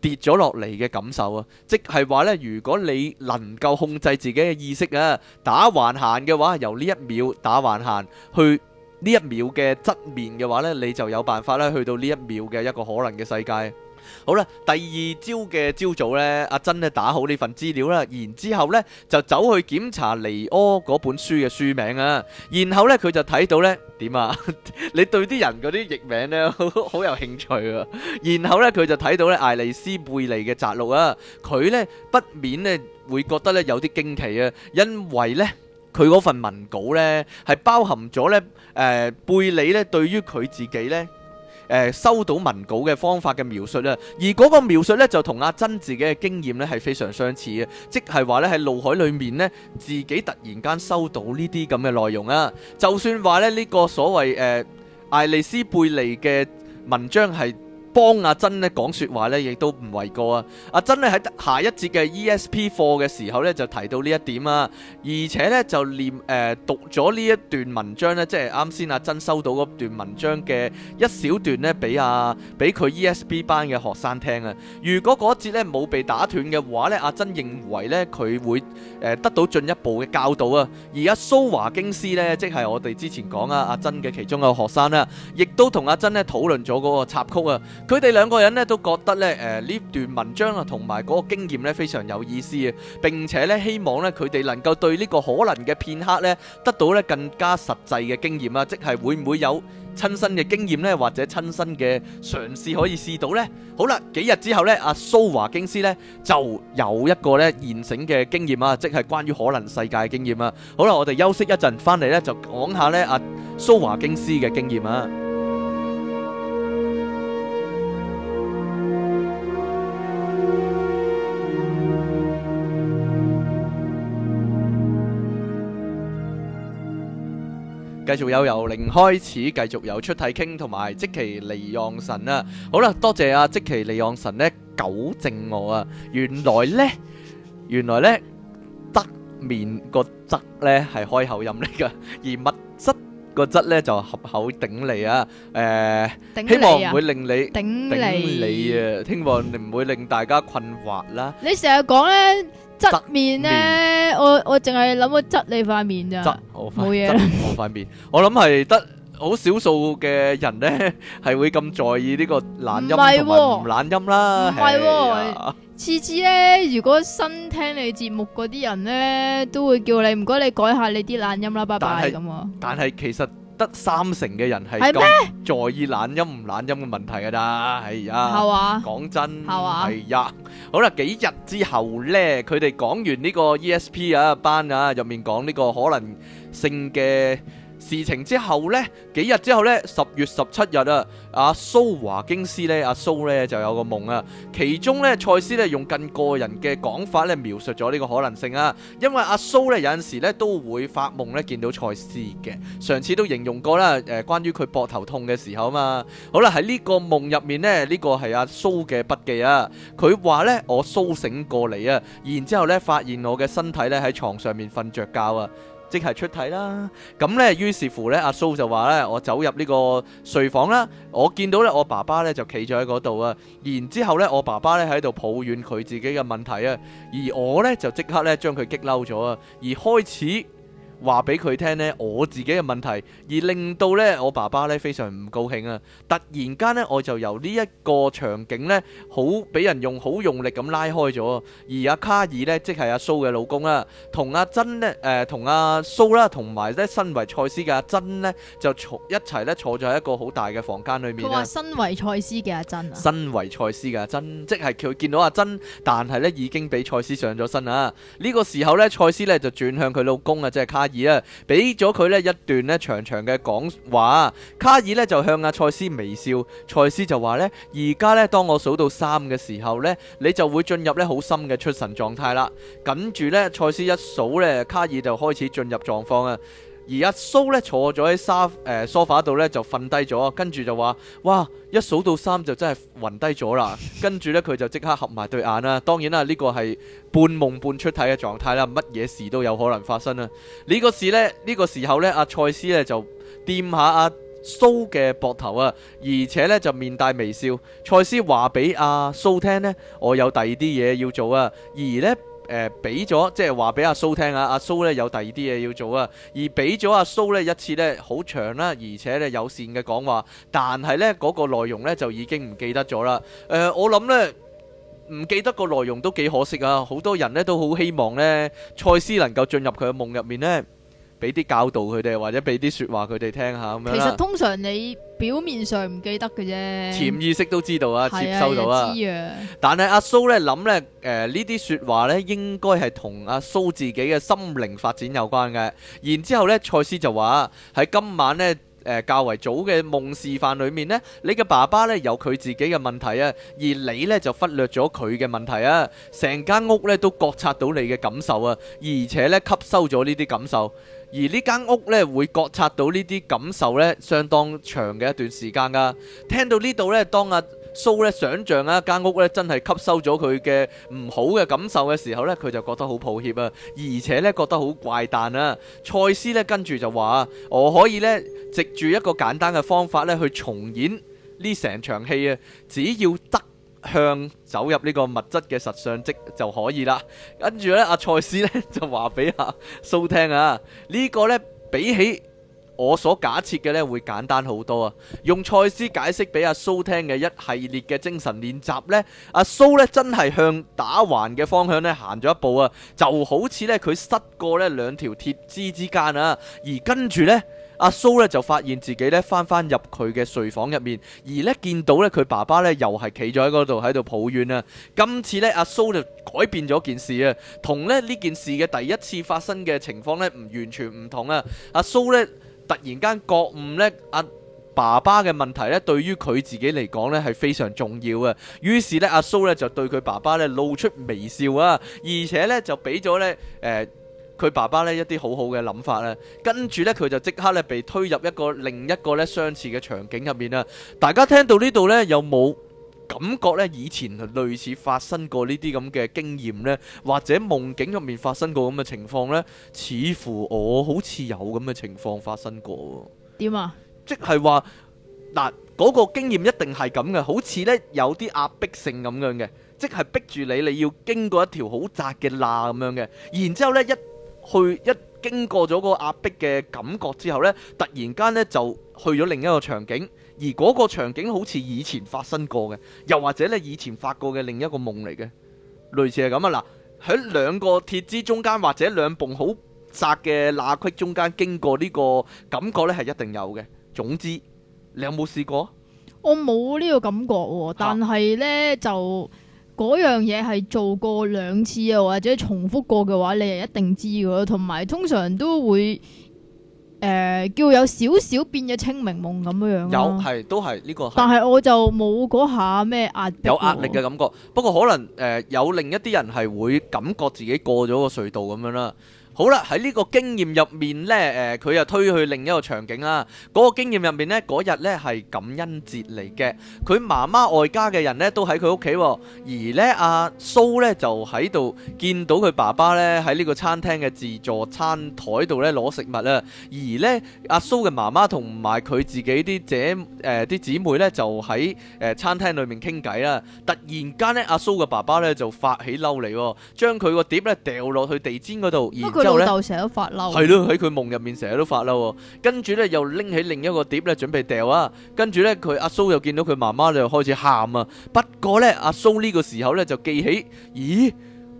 跌咗落嚟嘅感受啊，即係話咧，如果你能夠控制自己嘅意識啊，打橫行嘅話，由呢一秒打橫行去呢一秒嘅側面嘅話咧，你就有辦法咧去到呢一秒嘅一個可能嘅世界。好啦，第二朝嘅朝早咧，阿珍咧打好呢份資料啦，然之後咧就走去檢查尼柯嗰本書嘅書名啊，然後咧佢就睇到咧點啊？你對啲人嗰啲譯名咧好好有興趣啊！然後咧佢就睇到咧艾麗斯貝利嘅摘錄啊，佢咧不免咧會覺得咧有啲驚奇啊，因為咧佢嗰份文稿咧係包含咗咧誒貝利咧對於佢自己咧。誒收到文稿嘅方法嘅描述啦，而嗰個描述咧就同阿珍自己嘅經驗咧係非常相似嘅，即係話咧喺腦海裏面咧自己突然間收到呢啲咁嘅內容啊，就算話咧呢個所謂誒、呃、艾莉斯貝利嘅文章係，幫阿珍咧講說話咧，亦都唔為過啊！阿珍咧喺下一節嘅 E S P 課嘅時候呢，就提到呢一點啊，而且呢，就念誒、呃、讀咗呢一段文章呢，即係啱先阿珍收到嗰段文章嘅一小段呢、啊，俾阿俾佢 E S P 班嘅學生聽啊。如果嗰一節咧冇被打斷嘅話呢，阿珍認為呢，佢會誒得到進一步嘅教導啊。而阿蘇華經師呢，即係我哋之前講啊阿珍嘅其中嘅學生啦，亦都同阿珍咧討論咗嗰個插曲啊。佢哋兩個人咧都覺得咧，誒、呃、呢段文章啊同埋嗰個經驗咧非常有意思啊！並且咧希望咧佢哋能夠對呢個可能嘅片刻咧得到咧更加實際嘅經驗啊，即係會唔會有親身嘅經驗咧，或者親身嘅嘗試可以試到呢？好啦，幾日之後咧，阿、啊、蘇華京斯咧就有一個咧現成嘅經驗啊，即係關於可能世界嘅經驗啊！好啦，我哋休息一陣，翻嚟咧就講下咧阿蘇華京斯嘅經驗啊！繼續有由零開始，繼續有出體傾同埋即其利讓神啊！好啦，多謝啊即其利讓神咧糾正我啊！原來咧，原來咧，質面個質咧係開口音嚟噶，而物質個質咧就合口頂你啊！誒，希望唔會令你頂你啊！希望唔會令大家困惑啦。你成日講咧。側面咧面，我我淨係諗過側你塊面咋，冇嘢啦，塊面。我諗係得好少數嘅人咧，係會咁在意呢個懶音同唔懶音啦。唔係、啊，啊、次次咧，如果新聽你節目嗰啲人咧，都會叫你唔該你改下你啲懶音啦，拜拜咁但係是，但係其實。得三成嘅人係咁在意懶音唔懶音嘅問題㗎咋，係嗎、哎、呀啊，講真係啊、哎呀，好啦，幾日之後呢，佢哋講完呢個 ESP 啊班啊入面講呢個可能性嘅事情之後呢，幾日之後呢，十月十七日啊，阿蘇華京斯呢，阿、啊、蘇呢就有個夢啊。其中呢，賽斯呢用近個人嘅講法咧描述咗呢個可能性啊。因為阿、啊、蘇呢有陣時呢都會發夢呢見到賽斯嘅，上次都形容過啦。誒、呃，關於佢膊頭痛嘅時候啊嘛。好啦，喺呢個夢入面呢，呢、這個係阿、啊、蘇嘅筆記啊。佢話呢，我甦醒過嚟啊，然之後呢發現我嘅身體呢喺床上面瞓着覺啊。即係出睇啦，咁呢，於是乎呢，阿蘇就話呢：「我走入呢個睡房啦，我見到呢，我爸爸呢就企咗喺嗰度啊，然之後呢，我爸爸呢喺度抱怨佢自己嘅問題啊，而我呢就即刻呢將佢激嬲咗啊，而開始。話俾佢聽呢，我自己嘅問題，而令到呢，我爸爸呢，非常唔高興啊！突然間呢，我就由呢一個場景呢，好俾人用好用力咁拉開咗。而阿、啊、卡爾呢，即係阿蘇嘅老公啦、啊，同阿珍呢，誒、呃、同阿蘇啦，同埋咧身為賽斯嘅阿珍呢，就坐一齊咧坐在一個好大嘅房間裏面。佢話身為賽斯嘅阿珍啊，身為賽斯嘅阿珍，即係佢見到阿珍，但係呢已經俾賽斯上咗身啊！呢、這個時候呢，賽斯呢就轉向佢老公啊，即係卡爾。卡爾啊，俾咗佢咧一段咧長長嘅講話。卡爾咧就向阿賽斯微笑，賽斯就話咧：而家咧當我數到三嘅時候咧，你就會進入咧好深嘅出神狀態啦。跟住咧，賽斯一數咧，卡爾就開始進入狀況啊。而阿蘇咧坐咗喺沙誒梳化度咧就瞓低咗，跟住就話：哇！一數到三就真係暈低咗啦。跟住咧佢就即刻合埋對眼啦。當然啦，呢個係半夢半出體嘅狀態啦，乜嘢事都有可能發生啊！呢個事呢，呢個時候咧，阿賽斯咧就掂下阿蘇嘅膊頭啊，而且咧就面帶微笑。賽斯話俾阿蘇聽呢，我有第二啲嘢要做啊。而呢。誒，俾咗、呃、即係話俾阿蘇聽啊，阿蘇呢有第二啲嘢要做啊，而俾咗阿蘇呢一次呢，好長啦，而且呢友善嘅講話，但係呢嗰個內容呢，就已經唔記得咗啦。誒、呃，我諗呢，唔記得個內容都幾可惜啊，好多人呢都好希望呢，賽斯能夠進入佢嘅夢入面呢。俾啲教導佢哋，或者俾啲說話佢哋聽下咁樣啦。其實通常你表面上唔記得嘅啫，潛意識都知道啊，接收到啊。但係阿蘇咧諗咧，誒呢啲說話咧應該係同阿蘇自己嘅心靈發展有關嘅。然之後咧，賽斯就話喺今晚咧，誒較為早嘅夢示範裏面咧，你嘅爸爸咧有佢自己嘅問題啊，而你咧就忽略咗佢嘅問題啊。成間屋咧都覺察到你嘅感受啊，而且咧吸收咗呢啲感受。而呢間屋咧會覺察到呢啲感受咧相當長嘅一段時間噶。聽到呢度咧，當阿蘇咧想像一間屋咧真係吸收咗佢嘅唔好嘅感受嘅時候呢，佢就覺得好抱歉啊，而且呢覺得好怪誕啊。賽斯咧跟住就話，我可以呢藉住一個簡單嘅方法呢去重演呢成場戲啊，只要得。向走入呢個物質嘅實相即就可以啦。跟住呢，阿、啊、賽斯呢就話俾阿蘇聽啊，呢、這個呢，比起我所假設嘅呢，會簡單好多啊。用賽斯解釋俾阿蘇聽嘅一系列嘅精神練習呢，阿、啊、蘇呢真係向打橫嘅方向呢行咗一步啊，就好似呢，佢塞過呢兩條鐵枝之間啊，而跟住呢。阿蘇咧就發現自己咧返返入佢嘅睡房入面，而咧見到咧佢爸爸咧又係企咗喺嗰度喺度抱怨啊。今次咧阿蘇就改變咗件事啊，同咧呢件事嘅第一次發生嘅情況咧唔完全唔同啊。阿蘇咧突然間覺悟咧阿、啊、爸爸嘅問題咧對於佢自己嚟講咧係非常重要啊。於是咧阿蘇咧就對佢爸爸咧露出微笑啊，而且咧就俾咗咧誒。呃佢爸爸呢一啲好好嘅諗法呢，跟住呢佢就即刻呢被推入一個另一個呢相似嘅場景入面啦。大家聽到呢度呢，有冇感覺呢以前係類似發生過呢啲咁嘅經驗呢，或者夢境入面發生過咁嘅情況呢？似乎哦好似有咁嘅情況發生過。點啊？即係話嗱，嗰個經驗一定係咁嘅，好似呢有啲壓迫性咁樣嘅，即係逼住你你要經過一條好窄嘅罅咁樣嘅，然之後呢一。去一經過咗個壓迫嘅感覺之後呢，突然間呢就去咗另一個場景，而嗰個場景好似以前發生過嘅，又或者呢以前發過嘅另一個夢嚟嘅，類似係咁啊！嗱，喺兩個鐵枝中間或者兩縫好窄嘅罅隙中間經過呢個感覺呢，係一定有嘅。總之，你有冇試過？我冇呢個感覺喎、哦，但係呢就。啊嗰樣嘢係做過兩次啊，或者重複過嘅話，你係一定知嘅咯。同埋通常都會誒、呃，叫有少少變咗清明夢咁樣。有係都係呢、這個。但係我就冇嗰下咩壓有壓力嘅感覺。我不過可能誒、呃，有另一啲人係會感覺自己過咗個隧道咁樣啦。好啦，喺呢個經驗入面呢，誒、呃、佢又推去另一個場景啦。嗰、那個經驗入面呢，嗰日呢係感恩節嚟嘅。佢媽媽外家嘅人呢都喺佢屋企，而呢阿、啊、蘇呢就喺度見到佢爸爸呢喺呢個餐廳嘅自助餐台度呢攞食物啦。而呢阿、啊、蘇嘅媽媽同埋佢自己啲姐誒啲姊妹呢就喺誒、呃、餐廳裏面傾偈啦。突然間呢阿、啊、蘇嘅爸爸呢就發起嬲嚟，將佢個碟呢掉落去地氈嗰度，而老豆成日都發嬲，係咯，喺佢夢入面成日都發嬲。跟住咧又拎起另一個碟咧準備掉啊，跟住咧佢阿蘇又見到佢媽媽就開始喊啊，不過咧阿蘇呢個時候咧就記起，咦？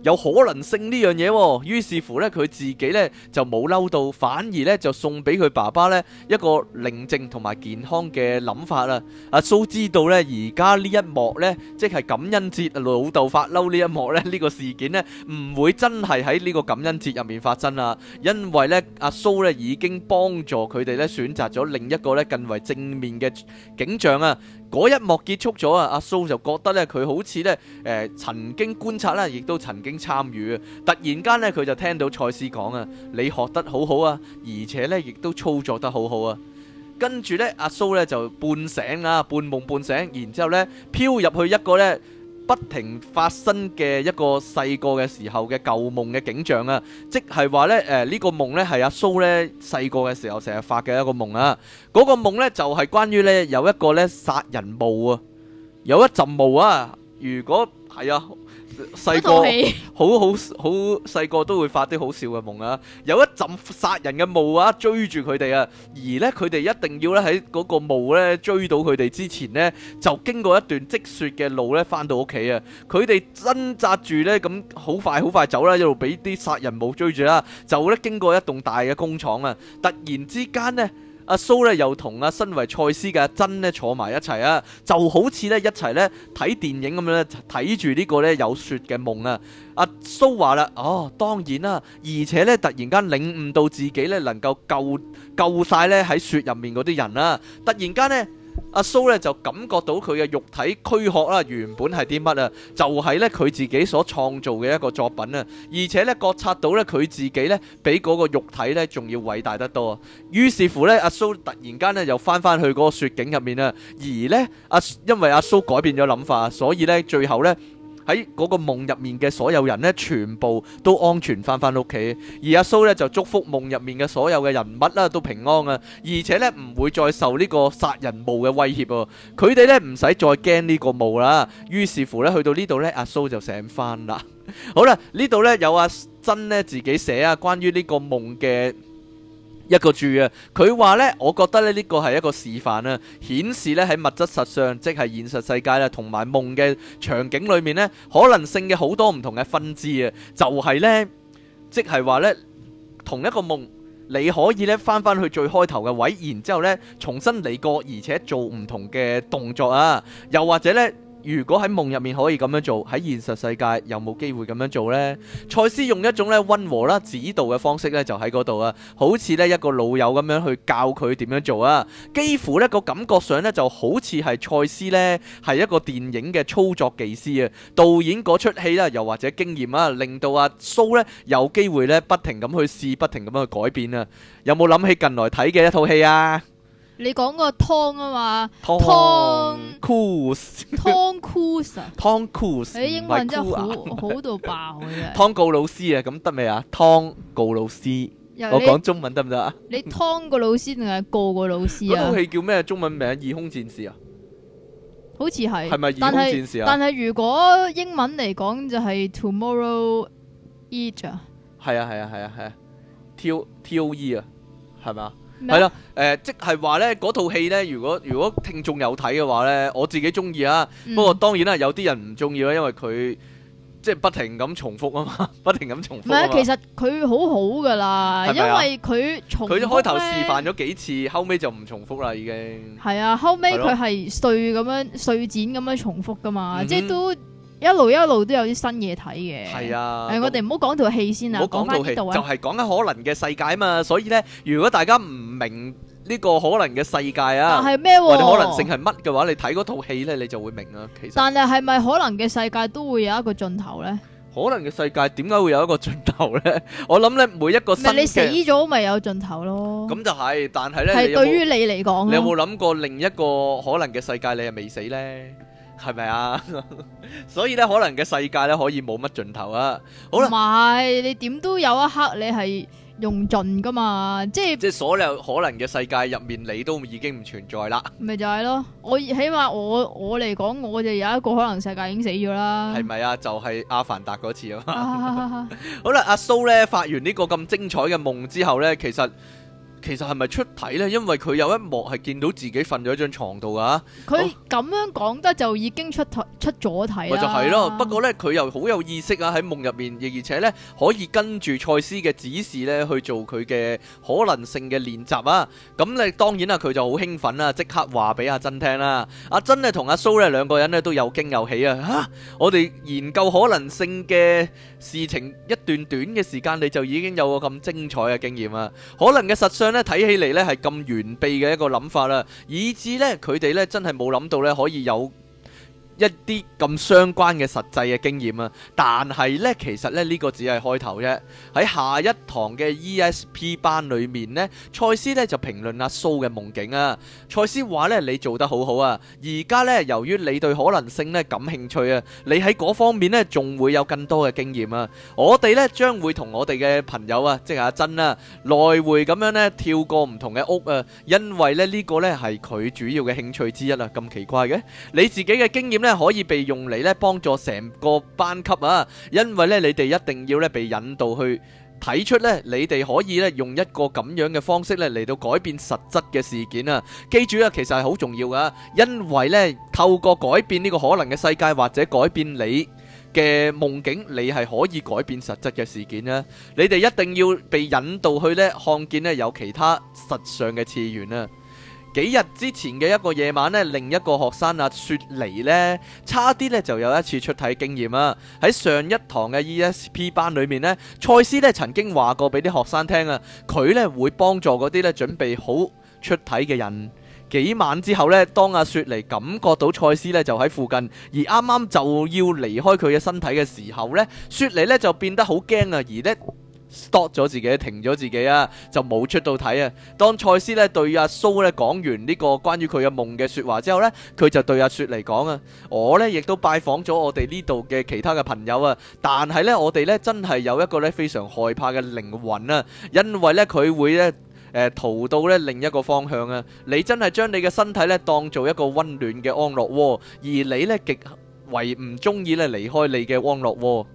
有可能性呢樣嘢，於是乎咧，佢自己咧就冇嬲到，反而咧就送俾佢爸爸咧一個寧靜同埋健康嘅諗法啦。阿蘇知道咧，而家呢一幕咧，即係感恩節老豆發嬲呢一幕咧，呢個事件咧唔會真係喺呢個感恩節入面發生啦，因為咧阿蘇咧已經幫助佢哋咧選擇咗另一個咧更為正面嘅景象啊。嗰一幕結束咗啊！阿蘇就覺得咧，佢好似咧，誒曾經觀察啦，亦都曾經參與。突然間咧，佢就聽到賽斯講啊：你學得好好啊，而且咧，亦都操作得好好啊！跟住咧，阿蘇咧就半醒啊，半夢半醒，然之後咧，飄入去一個咧。不停發生嘅一個細個嘅時候嘅舊夢嘅景象啊，即係話咧誒呢、呃呢個夢呢，係阿蘇咧細個嘅時候成日發嘅一個夢啊。嗰、嗰個夢咧就係、是、關於咧有一個咧殺人霧啊，有一陣霧啊，如果係啊。哎細個好好好細個都會發啲好笑嘅夢啊。有一陣殺人嘅霧啊，追住佢哋啊，而呢，佢哋一定要咧喺嗰個霧咧追到佢哋之前呢，就經過一段積雪嘅路咧翻到屋企啊，佢哋掙扎住呢，咁好快好快走啦，一路俾啲殺人霧追住啦，就咧經過一棟大嘅工廠啊，突然之間呢。阿蘇咧又同阿身為賽斯嘅阿珍咧坐埋一齊啊，就好似咧一齊咧睇電影咁樣咧，睇住呢個咧有雪嘅夢啊！阿蘇話啦：哦，當然啦，而且咧突然間領悟到自己咧能夠救救曬咧喺雪入面嗰啲人啦，突然間咧。阿蘇咧就感覺到佢嘅肉體軀殼啦，原本係啲乜啊？就係咧佢自己所創造嘅一個作品啊！而且咧覺察到咧佢自己咧比嗰個肉體咧仲要偉大得多。於是乎咧，阿蘇突然間咧又翻翻去嗰個雪景入面啦。而呢，阿因為阿蘇改變咗諗法，所以咧最後咧。喺嗰個夢入面嘅所有人咧，全部都安全翻翻屋企，而阿蘇咧就祝福夢入面嘅所有嘅人物啦，都平安啊，而且咧唔會再受呢個殺人霧嘅威脅喎，佢哋咧唔使再驚呢個霧啦。於是乎咧，去到呢度咧，阿蘇就醒翻啦。好啦，呢度咧有阿珍咧自己寫啊，關於呢個夢嘅。一個住啊！佢話呢，我覺得咧呢個係一個示範啊，顯示呢，喺物質實上，即係現實世界啦、啊，同埋夢嘅場景裏面呢，可能性嘅好多唔同嘅分支啊，就係、是、呢，即係話呢，同一個夢，你可以呢翻翻去最開頭嘅位，然之後咧重新嚟過，而且做唔同嘅動作啊，又或者呢。如果喺夢入面可以咁樣做，喺現實世界有冇機會咁樣做呢？賽斯用一種咧溫和啦、指導嘅方式咧，就喺嗰度啊，好似咧一個老友咁樣去教佢點樣做啊。幾乎呢個感覺上呢，就好似係賽斯呢係一個電影嘅操作技師啊，導演嗰出戲啦，又或者經驗啊，令到阿蘇呢有機會呢不停咁去試，不停咁樣去改變啊。有冇諗起近來睇嘅一套戲啊？你講個湯啊嘛，湯 Cruise，湯 Cruise 啊，湯 Cruise，喺英文真係好好到爆啊！湯告老師啊，咁得未啊？湯告老師，我講中文得唔得啊？你湯個老師定係告個老師啊？嗰套戲叫咩？中文名《異空戰士》啊？好似係，係咪《異空戰士》啊？但係如果英文嚟講就係 tomorrow edge，係啊係啊係啊係啊，t t o e 啊，係咪啊？係啦，誒、呃，即係話咧，嗰套戲咧，如果如果聽眾有睇嘅話咧，我自己中意啊。嗯、不過當然啦，有啲人唔中意咯，因為佢即係不停咁重複啊嘛，不停咁重複。係啊，其實佢好好噶啦，是是啊、因為佢從佢開頭示範咗幾次，後尾就唔重複啦，已經。係啊，後尾佢係碎咁樣啦碎剪咁樣重複噶嘛，嗯、即係都。一路一路都有啲新嘢睇嘅，係啊！誒，我哋唔好講條戲先啦，講翻就係講緊可能嘅世界啊嘛。所以咧，如果大家唔明呢個可能嘅世界啊，係咩，或者可能性係乜嘅話，你睇嗰套戲咧，你就會明啦。其實，但係係咪可能嘅世界都會有一個盡頭咧？可能嘅世界點解會有一個盡頭咧？我諗咧，每一個新嘅，你死咗咪有盡頭咯？咁就係，但係咧，係對於你嚟講，你有冇諗過另一個可能嘅世界，你係未死咧？係咪啊？是 所以咧，可能嘅世界咧，可以冇乜盡頭啊！好啦，唔係你點都有一刻你係用盡噶嘛，即係即係所有可能嘅世界入面，你都已經唔存在啦。咪就係咯，我起碼我我嚟講，我就有一個可能世界已經死咗啦。係咪、就是、 啊？就係阿凡達嗰次啊嘛。啊 好啦，阿蘇咧發完呢個咁精彩嘅夢之後咧，其實。其實係咪出體呢？因為佢有一幕係見到自己瞓咗一張床度啊！佢咁樣講得就已經出出咗體咪、啊、就係咯，不過呢，佢又好有意識啊，喺夢入面，而且呢，可以跟住賽斯嘅指示呢去做佢嘅可能性嘅練習啊！咁、嗯、咧當然啦、啊，佢就好興奮啦、啊，即刻話俾阿珍聽啦、啊。阿珍呢，同阿蘇呢兩個人呢，都有驚有喜啊！吓、啊，我哋研究可能性嘅。事情一段短嘅時間，你就已經有個咁精彩嘅經驗啦。可能嘅實相咧睇起嚟咧係咁完備嘅一個諗法啦，以致咧佢哋咧真係冇諗到咧可以有一啲咁相關嘅實際嘅經驗啊，但係咧，其實咧呢個只係開頭啫。喺下一堂嘅 ESP 班裏面咧，賽斯咧就評論阿蘇嘅夢境啊。賽斯話咧：你做得好好啊！而家咧，由於你對可能性咧感興趣啊，你喺嗰方面咧仲會有更多嘅經驗啊。我哋咧將會同我哋嘅朋友啊，即係阿珍啊，來回咁樣咧跳過唔同嘅屋啊，因為咧呢個咧係佢主要嘅興趣之一啊。咁奇怪嘅，你自己嘅經驗咧，可以被用嚟咧幫助成個班級啊，因為咧你哋一定要咧被引導去睇出咧，你哋可以咧用一個咁樣嘅方式咧嚟到改變實質嘅事件啊！記住啊，其實係好重要噶啊，因為咧透過改變呢個可能嘅世界，或者改變你嘅夢境，你係可以改變實質嘅事件啊。你哋一定要被引導去咧看見咧有其他實相嘅次元啊！幾日之前嘅一個夜晚呢，另一個學生阿雪梨呢，差啲呢就有一次出體經驗啊！喺上一堂嘅 E S P 班裏面呢，蔡師呢曾經話過俾啲學生聽啊，佢呢會幫助嗰啲呢準備好出體嘅人。幾晚之後呢，當阿雪梨感覺到蔡師呢就喺附近，而啱啱就要離開佢嘅身體嘅時候呢，雪梨呢就變得好驚啊，而呢。stop 咗自己，停咗自己啊，就冇出到睇啊。當賽斯咧對阿蘇咧講完呢個關於佢嘅夢嘅說話之後咧，佢就對阿雪嚟講啊：我咧亦都拜訪咗我哋呢度嘅其他嘅朋友啊，但係咧我哋咧真係有一個咧非常害怕嘅靈魂啊，因為咧佢會咧誒逃到咧另一個方向啊。你真係將你嘅身體咧當做一個溫暖嘅安樂窩，而你咧極為唔中意咧離開你嘅安樂窩。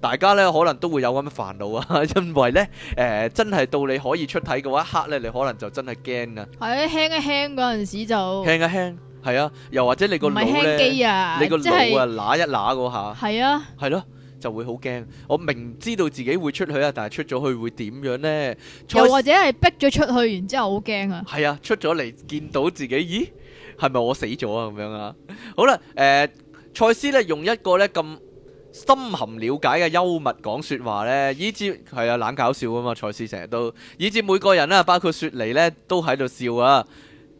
大家咧可能都會有咁嘅煩惱啊，因為咧誒、呃、真係到你可以出體嘅話一刻咧，你可能就真係驚啊！係啊，輕一輕嗰陣時就輕一輕，係啊，又或者你個腦咧，啊、你個腦啊乸一乸嗰下，係啊的，係咯，就會好驚。我明知道自己會出去啊，但係出咗去會點樣咧？又或者係逼咗出去，然之後好驚啊！係啊，出咗嚟見到自己，咦，係咪我死咗啊？咁樣啊、嗯？好啦，誒、呃，賽斯咧用一個咧咁。深含了解嘅幽默講説話呢，以至係啊懶搞笑啊嘛！蔡思成日都以至，每個人呀，包括雪梨呢，都喺度笑啊！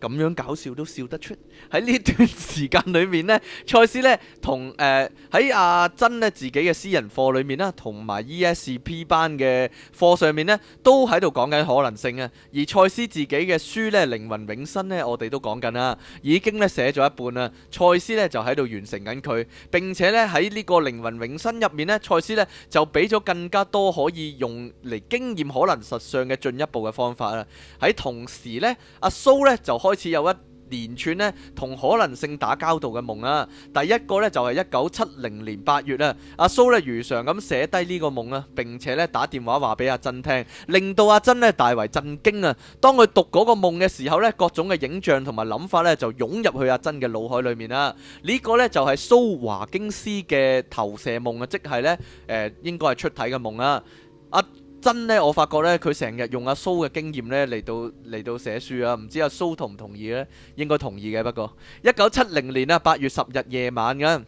咁樣搞笑都笑得出，喺呢段時間裏面咧，賽斯咧同誒喺阿珍咧自己嘅私人課裏面啦，同埋 E.S.P 班嘅課上面咧，都喺度講緊可能性啊！而賽斯自己嘅書咧《靈魂永生》咧，我哋都講緊啦，已經咧寫咗一半啦，賽斯咧就喺度完成緊佢。並且咧喺呢個《靈魂永生》入面咧，賽斯咧就俾咗更加多可以用嚟經驗可能實相嘅進一步嘅方法啦。喺同時咧，阿蘇咧就開。開始有一連串咧同可能性打交道嘅夢啊！第一個咧就係一九七零年八月啊，阿蘇咧如常咁寫低呢個夢啊，並且咧打電話話俾阿珍聽，令到阿珍咧大為震驚啊！當佢讀嗰個夢嘅時候咧，各種嘅影像同埋諗法咧就湧入去阿珍嘅腦海裏面啦。呢個咧就係蘇華京斯嘅投射夢啊，即係咧誒，應該係出體嘅夢啊！啊！真呢，我發覺呢，佢成日用阿蘇嘅經驗呢嚟到嚟到寫書啊，唔知阿蘇同唔同意呢？應該同意嘅。不過一九七零年啊，八月十日夜晚嘅，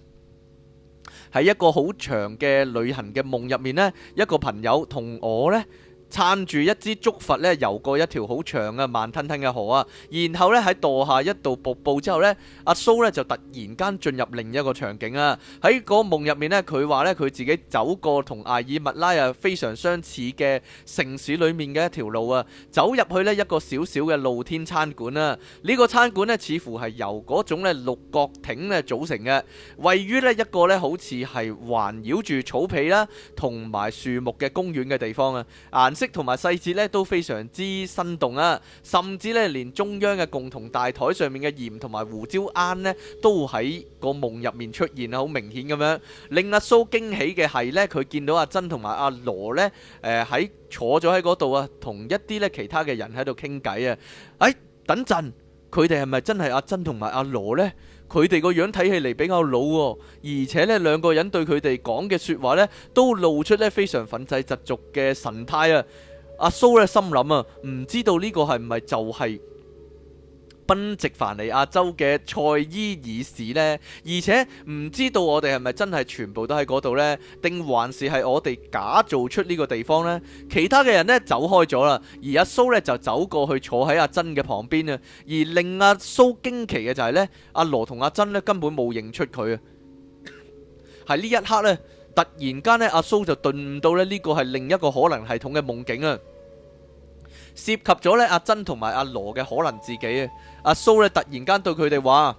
喺一個好長嘅旅行嘅夢入面呢，一個朋友同我呢，撐住一支竹筏咧，游過一條好長嘅慢吞吞嘅河啊！然後咧喺墮下一道瀑布之後呢，阿蘇咧就突然間進入另一個場景啊！喺嗰個夢入面呢，佢話呢，佢自己走過同艾爾密拉啊非常相似嘅城市裏面嘅一條路啊，走入去呢一個小小嘅露天餐館啊。呢、呢個餐館呢，似乎係由嗰種咧六角亭呢組成嘅，位於呢一個呢好似係環繞住草皮啦同埋樹木嘅公園嘅地方啊，色同埋細節咧都非常之生動啊，甚至咧連中央嘅共同大台上面嘅鹽同埋胡椒罌咧都喺個夢入面出現啊，好明顯咁樣。令阿蘇驚喜嘅係咧，佢見到阿珍同埋阿羅咧，誒喺坐咗喺嗰度啊，同一啲咧其他嘅人喺度傾偈啊。誒，等陣，佢哋係咪真係阿珍同埋阿羅咧？佢哋個樣睇起嚟比較老喎、哦，而且呢兩個人對佢哋講嘅説話呢，都露出呢非常憤世嫉俗嘅神態啊！阿蘇呢心諗啊，唔知道呢個係唔係就係、是？賓夕凡尼亞州嘅塞伊爾市呢，而且唔知道我哋係咪真係全部都喺嗰度呢？定還是係我哋假造出呢個地方呢？其他嘅人呢，走開咗啦，而阿蘇呢，就走過去坐喺阿珍嘅旁邊啊。而令阿蘇驚奇嘅就係呢，阿羅同阿珍呢根本冇認出佢啊。喺 呢一刻呢，突然間呢，阿蘇就頓悟到呢，呢個係另一個可能系統嘅夢境啊，涉及咗呢，阿珍同埋阿羅嘅可能自己啊。阿蘇咧，突然間對佢哋話：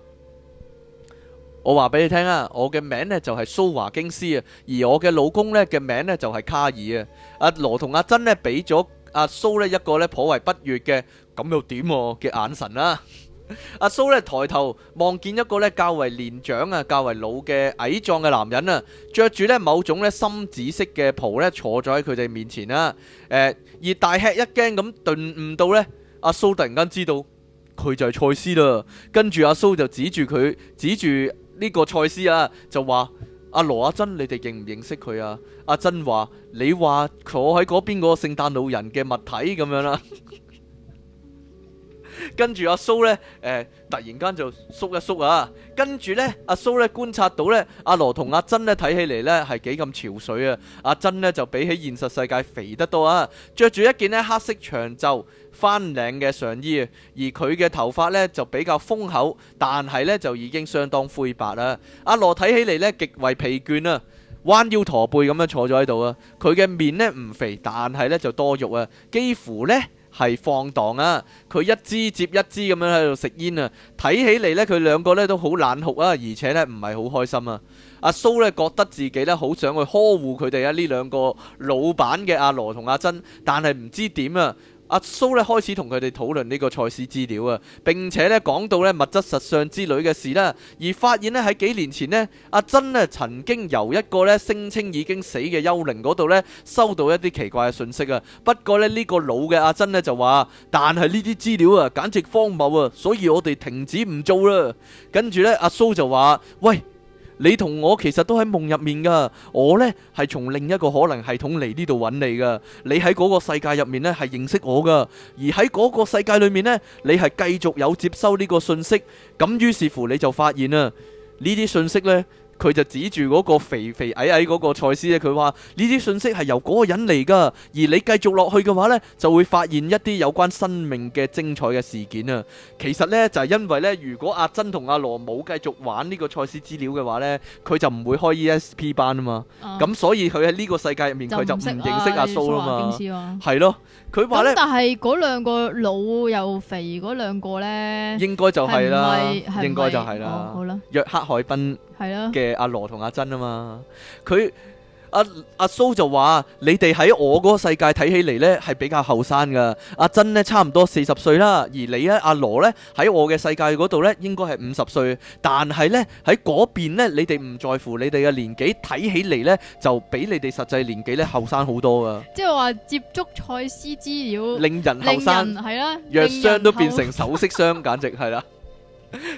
「我話俾你聽啊，我嘅名呢就係蘇華京斯啊，而我嘅老公呢嘅名呢就係卡爾啊。阿羅同阿珍呢，俾咗阿蘇呢一個呢頗為不悅嘅咁又點喎嘅眼神啦，啊。 阿蘇呢抬頭望見一個呢較為年長啊，較為老嘅矮壯嘅男人啊，着住呢某種呢深紫色嘅袍呢，坐咗喺佢哋面前啦，呃。而大吃一驚咁頓悟到呢，阿蘇突然間知道。佢就係賽斯啦，跟住阿蘇就指住佢，指住呢個賽斯啊，就話：阿羅、阿珍，你哋認唔認識佢啊？阿珍話：你話坐喺嗰邊嗰個聖誕老人嘅物體咁樣啦、啊。 跟住阿蘇呢，誒、呃，突然間就縮一縮啊！跟住呢，阿蘇呢觀察到呢，阿羅同阿珍呢睇起嚟呢係幾咁憔悴啊！阿珍呢就比起現實世界肥得多啊，着住一件呢黑色長袖翻領嘅上衣啊，而佢嘅頭髮呢就比較豐厚，但係呢就已經相當灰白啦、啊。阿羅睇起嚟呢極為疲倦啊，彎腰駝背咁樣坐咗喺度啊，佢嘅面呢唔肥，但係呢就多肉啊，幾乎呢。係放蕩啊！佢一支接一支咁樣喺度食煙啊！睇起嚟呢，佢兩個呢都好冷酷啊，而且呢唔係好開心啊！阿蘇呢，覺得自己呢好想去呵護佢哋啊，呢兩個老闆嘅阿羅同阿珍，但係唔知點啊！阿蘇咧開始同佢哋討論呢個賽斯資料啊，並且咧講到咧物質實相之類嘅事啦，而發現咧喺幾年前咧，阿珍咧曾經由一個咧聲稱已經死嘅幽靈嗰度咧收到一啲奇怪嘅信息啊。不過咧呢個老嘅阿珍咧就話，但係呢啲資料啊，簡直荒謬啊，所以我哋停止唔做啦。跟住咧阿蘇就話：喂。你同我其實都喺夢入面噶，我呢係從另一個可能系統嚟呢度搵你噶。你喺嗰個世界入面呢係認識我噶，而喺嗰個世界裏面呢，面你係繼續有接收呢個信息。咁於是乎你就發現啦，呢啲信息呢。佢就指住嗰個肥肥矮矮嗰個賽斯咧，佢話呢啲信息係由嗰個人嚟噶，而你繼續落去嘅話呢就會發現一啲有關生命嘅精彩嘅事件啊！其實呢，就係、是、因為呢，如果阿珍同阿羅冇繼續玩呢個賽斯資料嘅話呢，佢就唔會開 ESP 班啊嘛。咁、啊、所以佢喺呢個世界入面，佢就唔認識阿蘇啦嘛。係咯，佢話呢。但係嗰兩個老又肥嗰兩個咧，應該就係啦，應該就係啦、哦。好啦，約克海濱。係啦，嘅阿羅同阿珍啊嘛，佢、啊、阿阿蘇就話：你哋喺我嗰個世界睇起嚟咧，係比較後生噶。阿珍呢差唔多四十歲啦，而你咧阿羅呢喺我嘅世界嗰度呢應該係五十歲。但係呢喺嗰邊呢，你哋唔在乎你哋嘅年紀，睇起嚟呢就比你哋實際年紀咧後生好多噶。即係話接觸賽斯資料，令人後生係啦，藥傷人輕都變成首飾傷， 簡直係啦。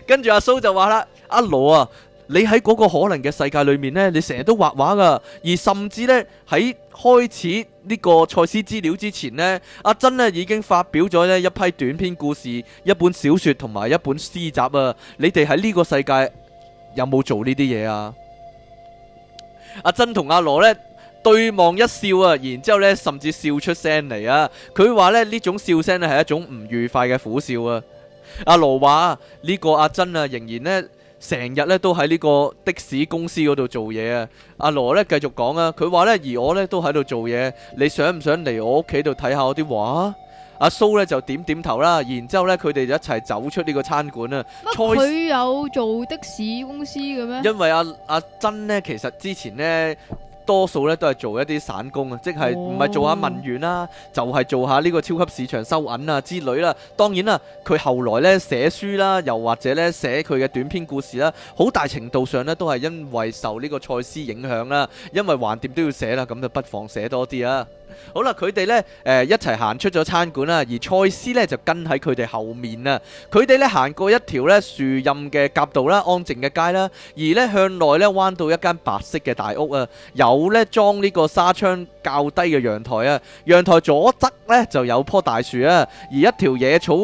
跟住阿蘇就話啦：，阿羅啊。你喺嗰個可能嘅世界裏面呢，你成日都畫畫噶，而甚至呢，喺開始呢個賽詩資料之前呢，阿珍呢已經發表咗呢一批短篇故事、一本小說同埋一本詩集啊！你哋喺呢個世界有冇做呢啲嘢啊？阿珍同阿羅呢對望一笑啊，然之後呢甚至笑出聲嚟啊！佢話呢呢種笑聲呢係一種唔愉快嘅苦笑啊！阿羅話呢個阿珍啊仍然呢。成日咧都喺呢個的士公司嗰度做嘢啊！阿羅咧繼續講啊，佢話咧而我咧都喺度做嘢，你想唔想嚟我屋企度睇下我啲畫？阿、啊、蘇咧就點點頭啦，然之後咧佢哋就一齊走出呢個餐館啊。佢有做的士公司嘅咩？因為阿阿珍咧其實之前咧。多數咧都係做一啲散工啊，即係唔係做下文員啦，哦、就係做下呢個超級市場收銀啊之類啦。當然啦，佢後來咧寫書啦，又或者咧寫佢嘅短篇故事啦，好大程度上咧都係因為受呢個賽斯影響啦。因為橫掂都要寫啦，咁就不妨寫多啲啊。好啦，佢哋呢誒、呃，一齊行出咗餐館啦，而賽斯呢就跟喺佢哋後面啦。佢哋呢行過一條呢樹蔭嘅夾道啦，安靜嘅街啦，而呢向內呢，彎到一間白色嘅大屋啊，有呢裝呢個紗窗較低嘅陽台啊，陽台左側呢就有棵大樹啊，而一條野草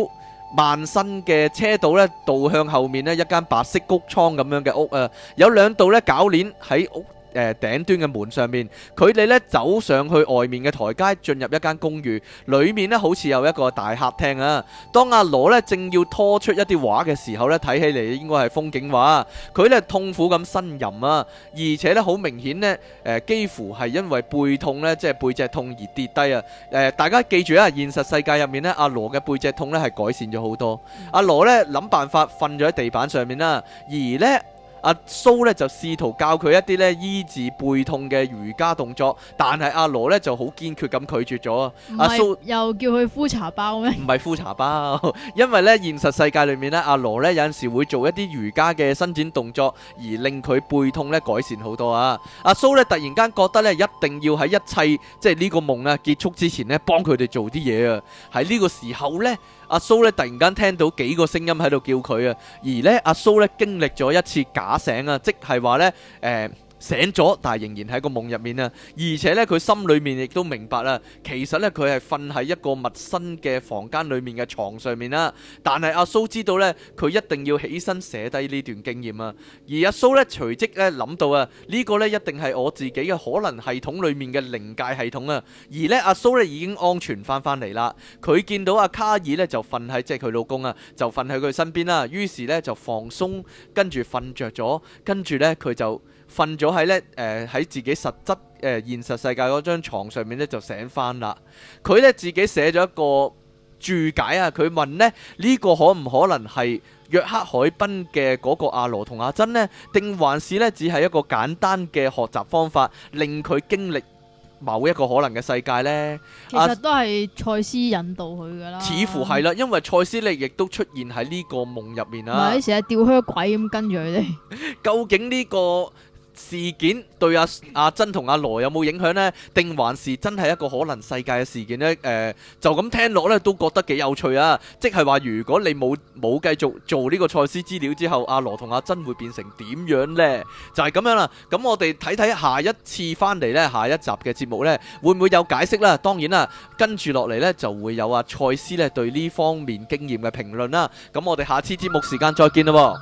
蔓生嘅車道呢，導向後面呢一間白色穀倉咁樣嘅屋啊，有兩道呢鉸鏈喺屋。誒、呃、頂端嘅門上面，佢哋咧走上去外面嘅台階，進入一間公寓，裡面咧好似有一個大客廳啊。當阿羅咧正要拖出一啲畫嘅時候咧，睇起嚟應該係風景畫。佢咧痛苦咁呻吟啊，而且咧好明顯咧，誒、呃、幾乎係因為背痛咧，即係背脊痛而跌低啊。誒、呃、大家記住啊，現實世界入面咧，阿羅嘅背脊痛咧係改善咗好多。阿、啊、羅咧諗辦法瞓咗喺地板上面啦，而咧。阿蘇咧就試圖教佢一啲咧醫治背痛嘅瑜伽動作，但係阿羅咧就好堅決咁拒絕咗啊！阿蘇又叫佢敷茶包咩？唔係敷茶包，因為咧現實世界裏面咧阿羅咧有陣時會做一啲瑜伽嘅伸展動作，而令佢背痛咧改善好多啊！阿蘇咧突然間覺得咧一定要喺一切即係呢個夢啊結束之前咧幫佢哋做啲嘢啊！喺呢個時候咧。阿蘇咧突然間聽到幾個聲音喺度叫佢啊，而呢，阿蘇咧經歷咗一次假醒啊，即係話呢，誒、呃。醒咗，但係仍然喺個夢入面啊！而且呢，佢心裏面亦都明白啦，其實呢，佢係瞓喺一個陌生嘅房間裏面嘅床上面啦。但係阿蘇知道呢，佢一定要起身寫低呢段經驗啊！而阿蘇呢，隨即呢諗到啊，呢、這個呢一定係我自己嘅可能系統裏面嘅靈界系統啊！而呢，阿蘇呢已經安全翻返嚟啦。佢見到阿卡爾呢就瞓喺即係佢老公啊，就瞓喺佢身邊啦。於是呢，就放鬆，跟住瞓着咗，跟住呢，佢就。瞓咗喺呢，誒喺、呃、自己實質誒、呃、現實世界嗰張牀上面呢，就醒翻啦。佢呢，自己寫咗一個註解啊，佢問呢，呢、這個可唔可能係約克海濱嘅嗰個阿、啊、羅同阿、啊、珍呢？定還是呢？只係一個簡單嘅學習方法，令佢經歷某一個可能嘅世界呢？啊、其實都係賽斯引導佢噶啦。似乎係啦，因為賽斯呢亦都出現喺呢個夢入面啦、啊。成日、嗯嗯嗯嗯、吊靴鬼咁跟住佢呢。究竟呢、這個？事件對阿阿珍同阿羅有冇影響呢？定還是真係一個可能世界嘅事件呢？誒、呃，就咁聽落呢，都覺得幾有趣啊！即係話，如果你冇冇繼續做呢個賽斯資料之後，阿羅同阿珍會變成點樣呢？就係、是、咁樣啦。咁我哋睇睇下一次翻嚟呢，下一集嘅節目呢，會唔會有解釋啦？當然啦，跟住落嚟呢，就會有阿賽斯咧對呢方面經驗嘅評論啦。咁我哋下次節目時間再見咯。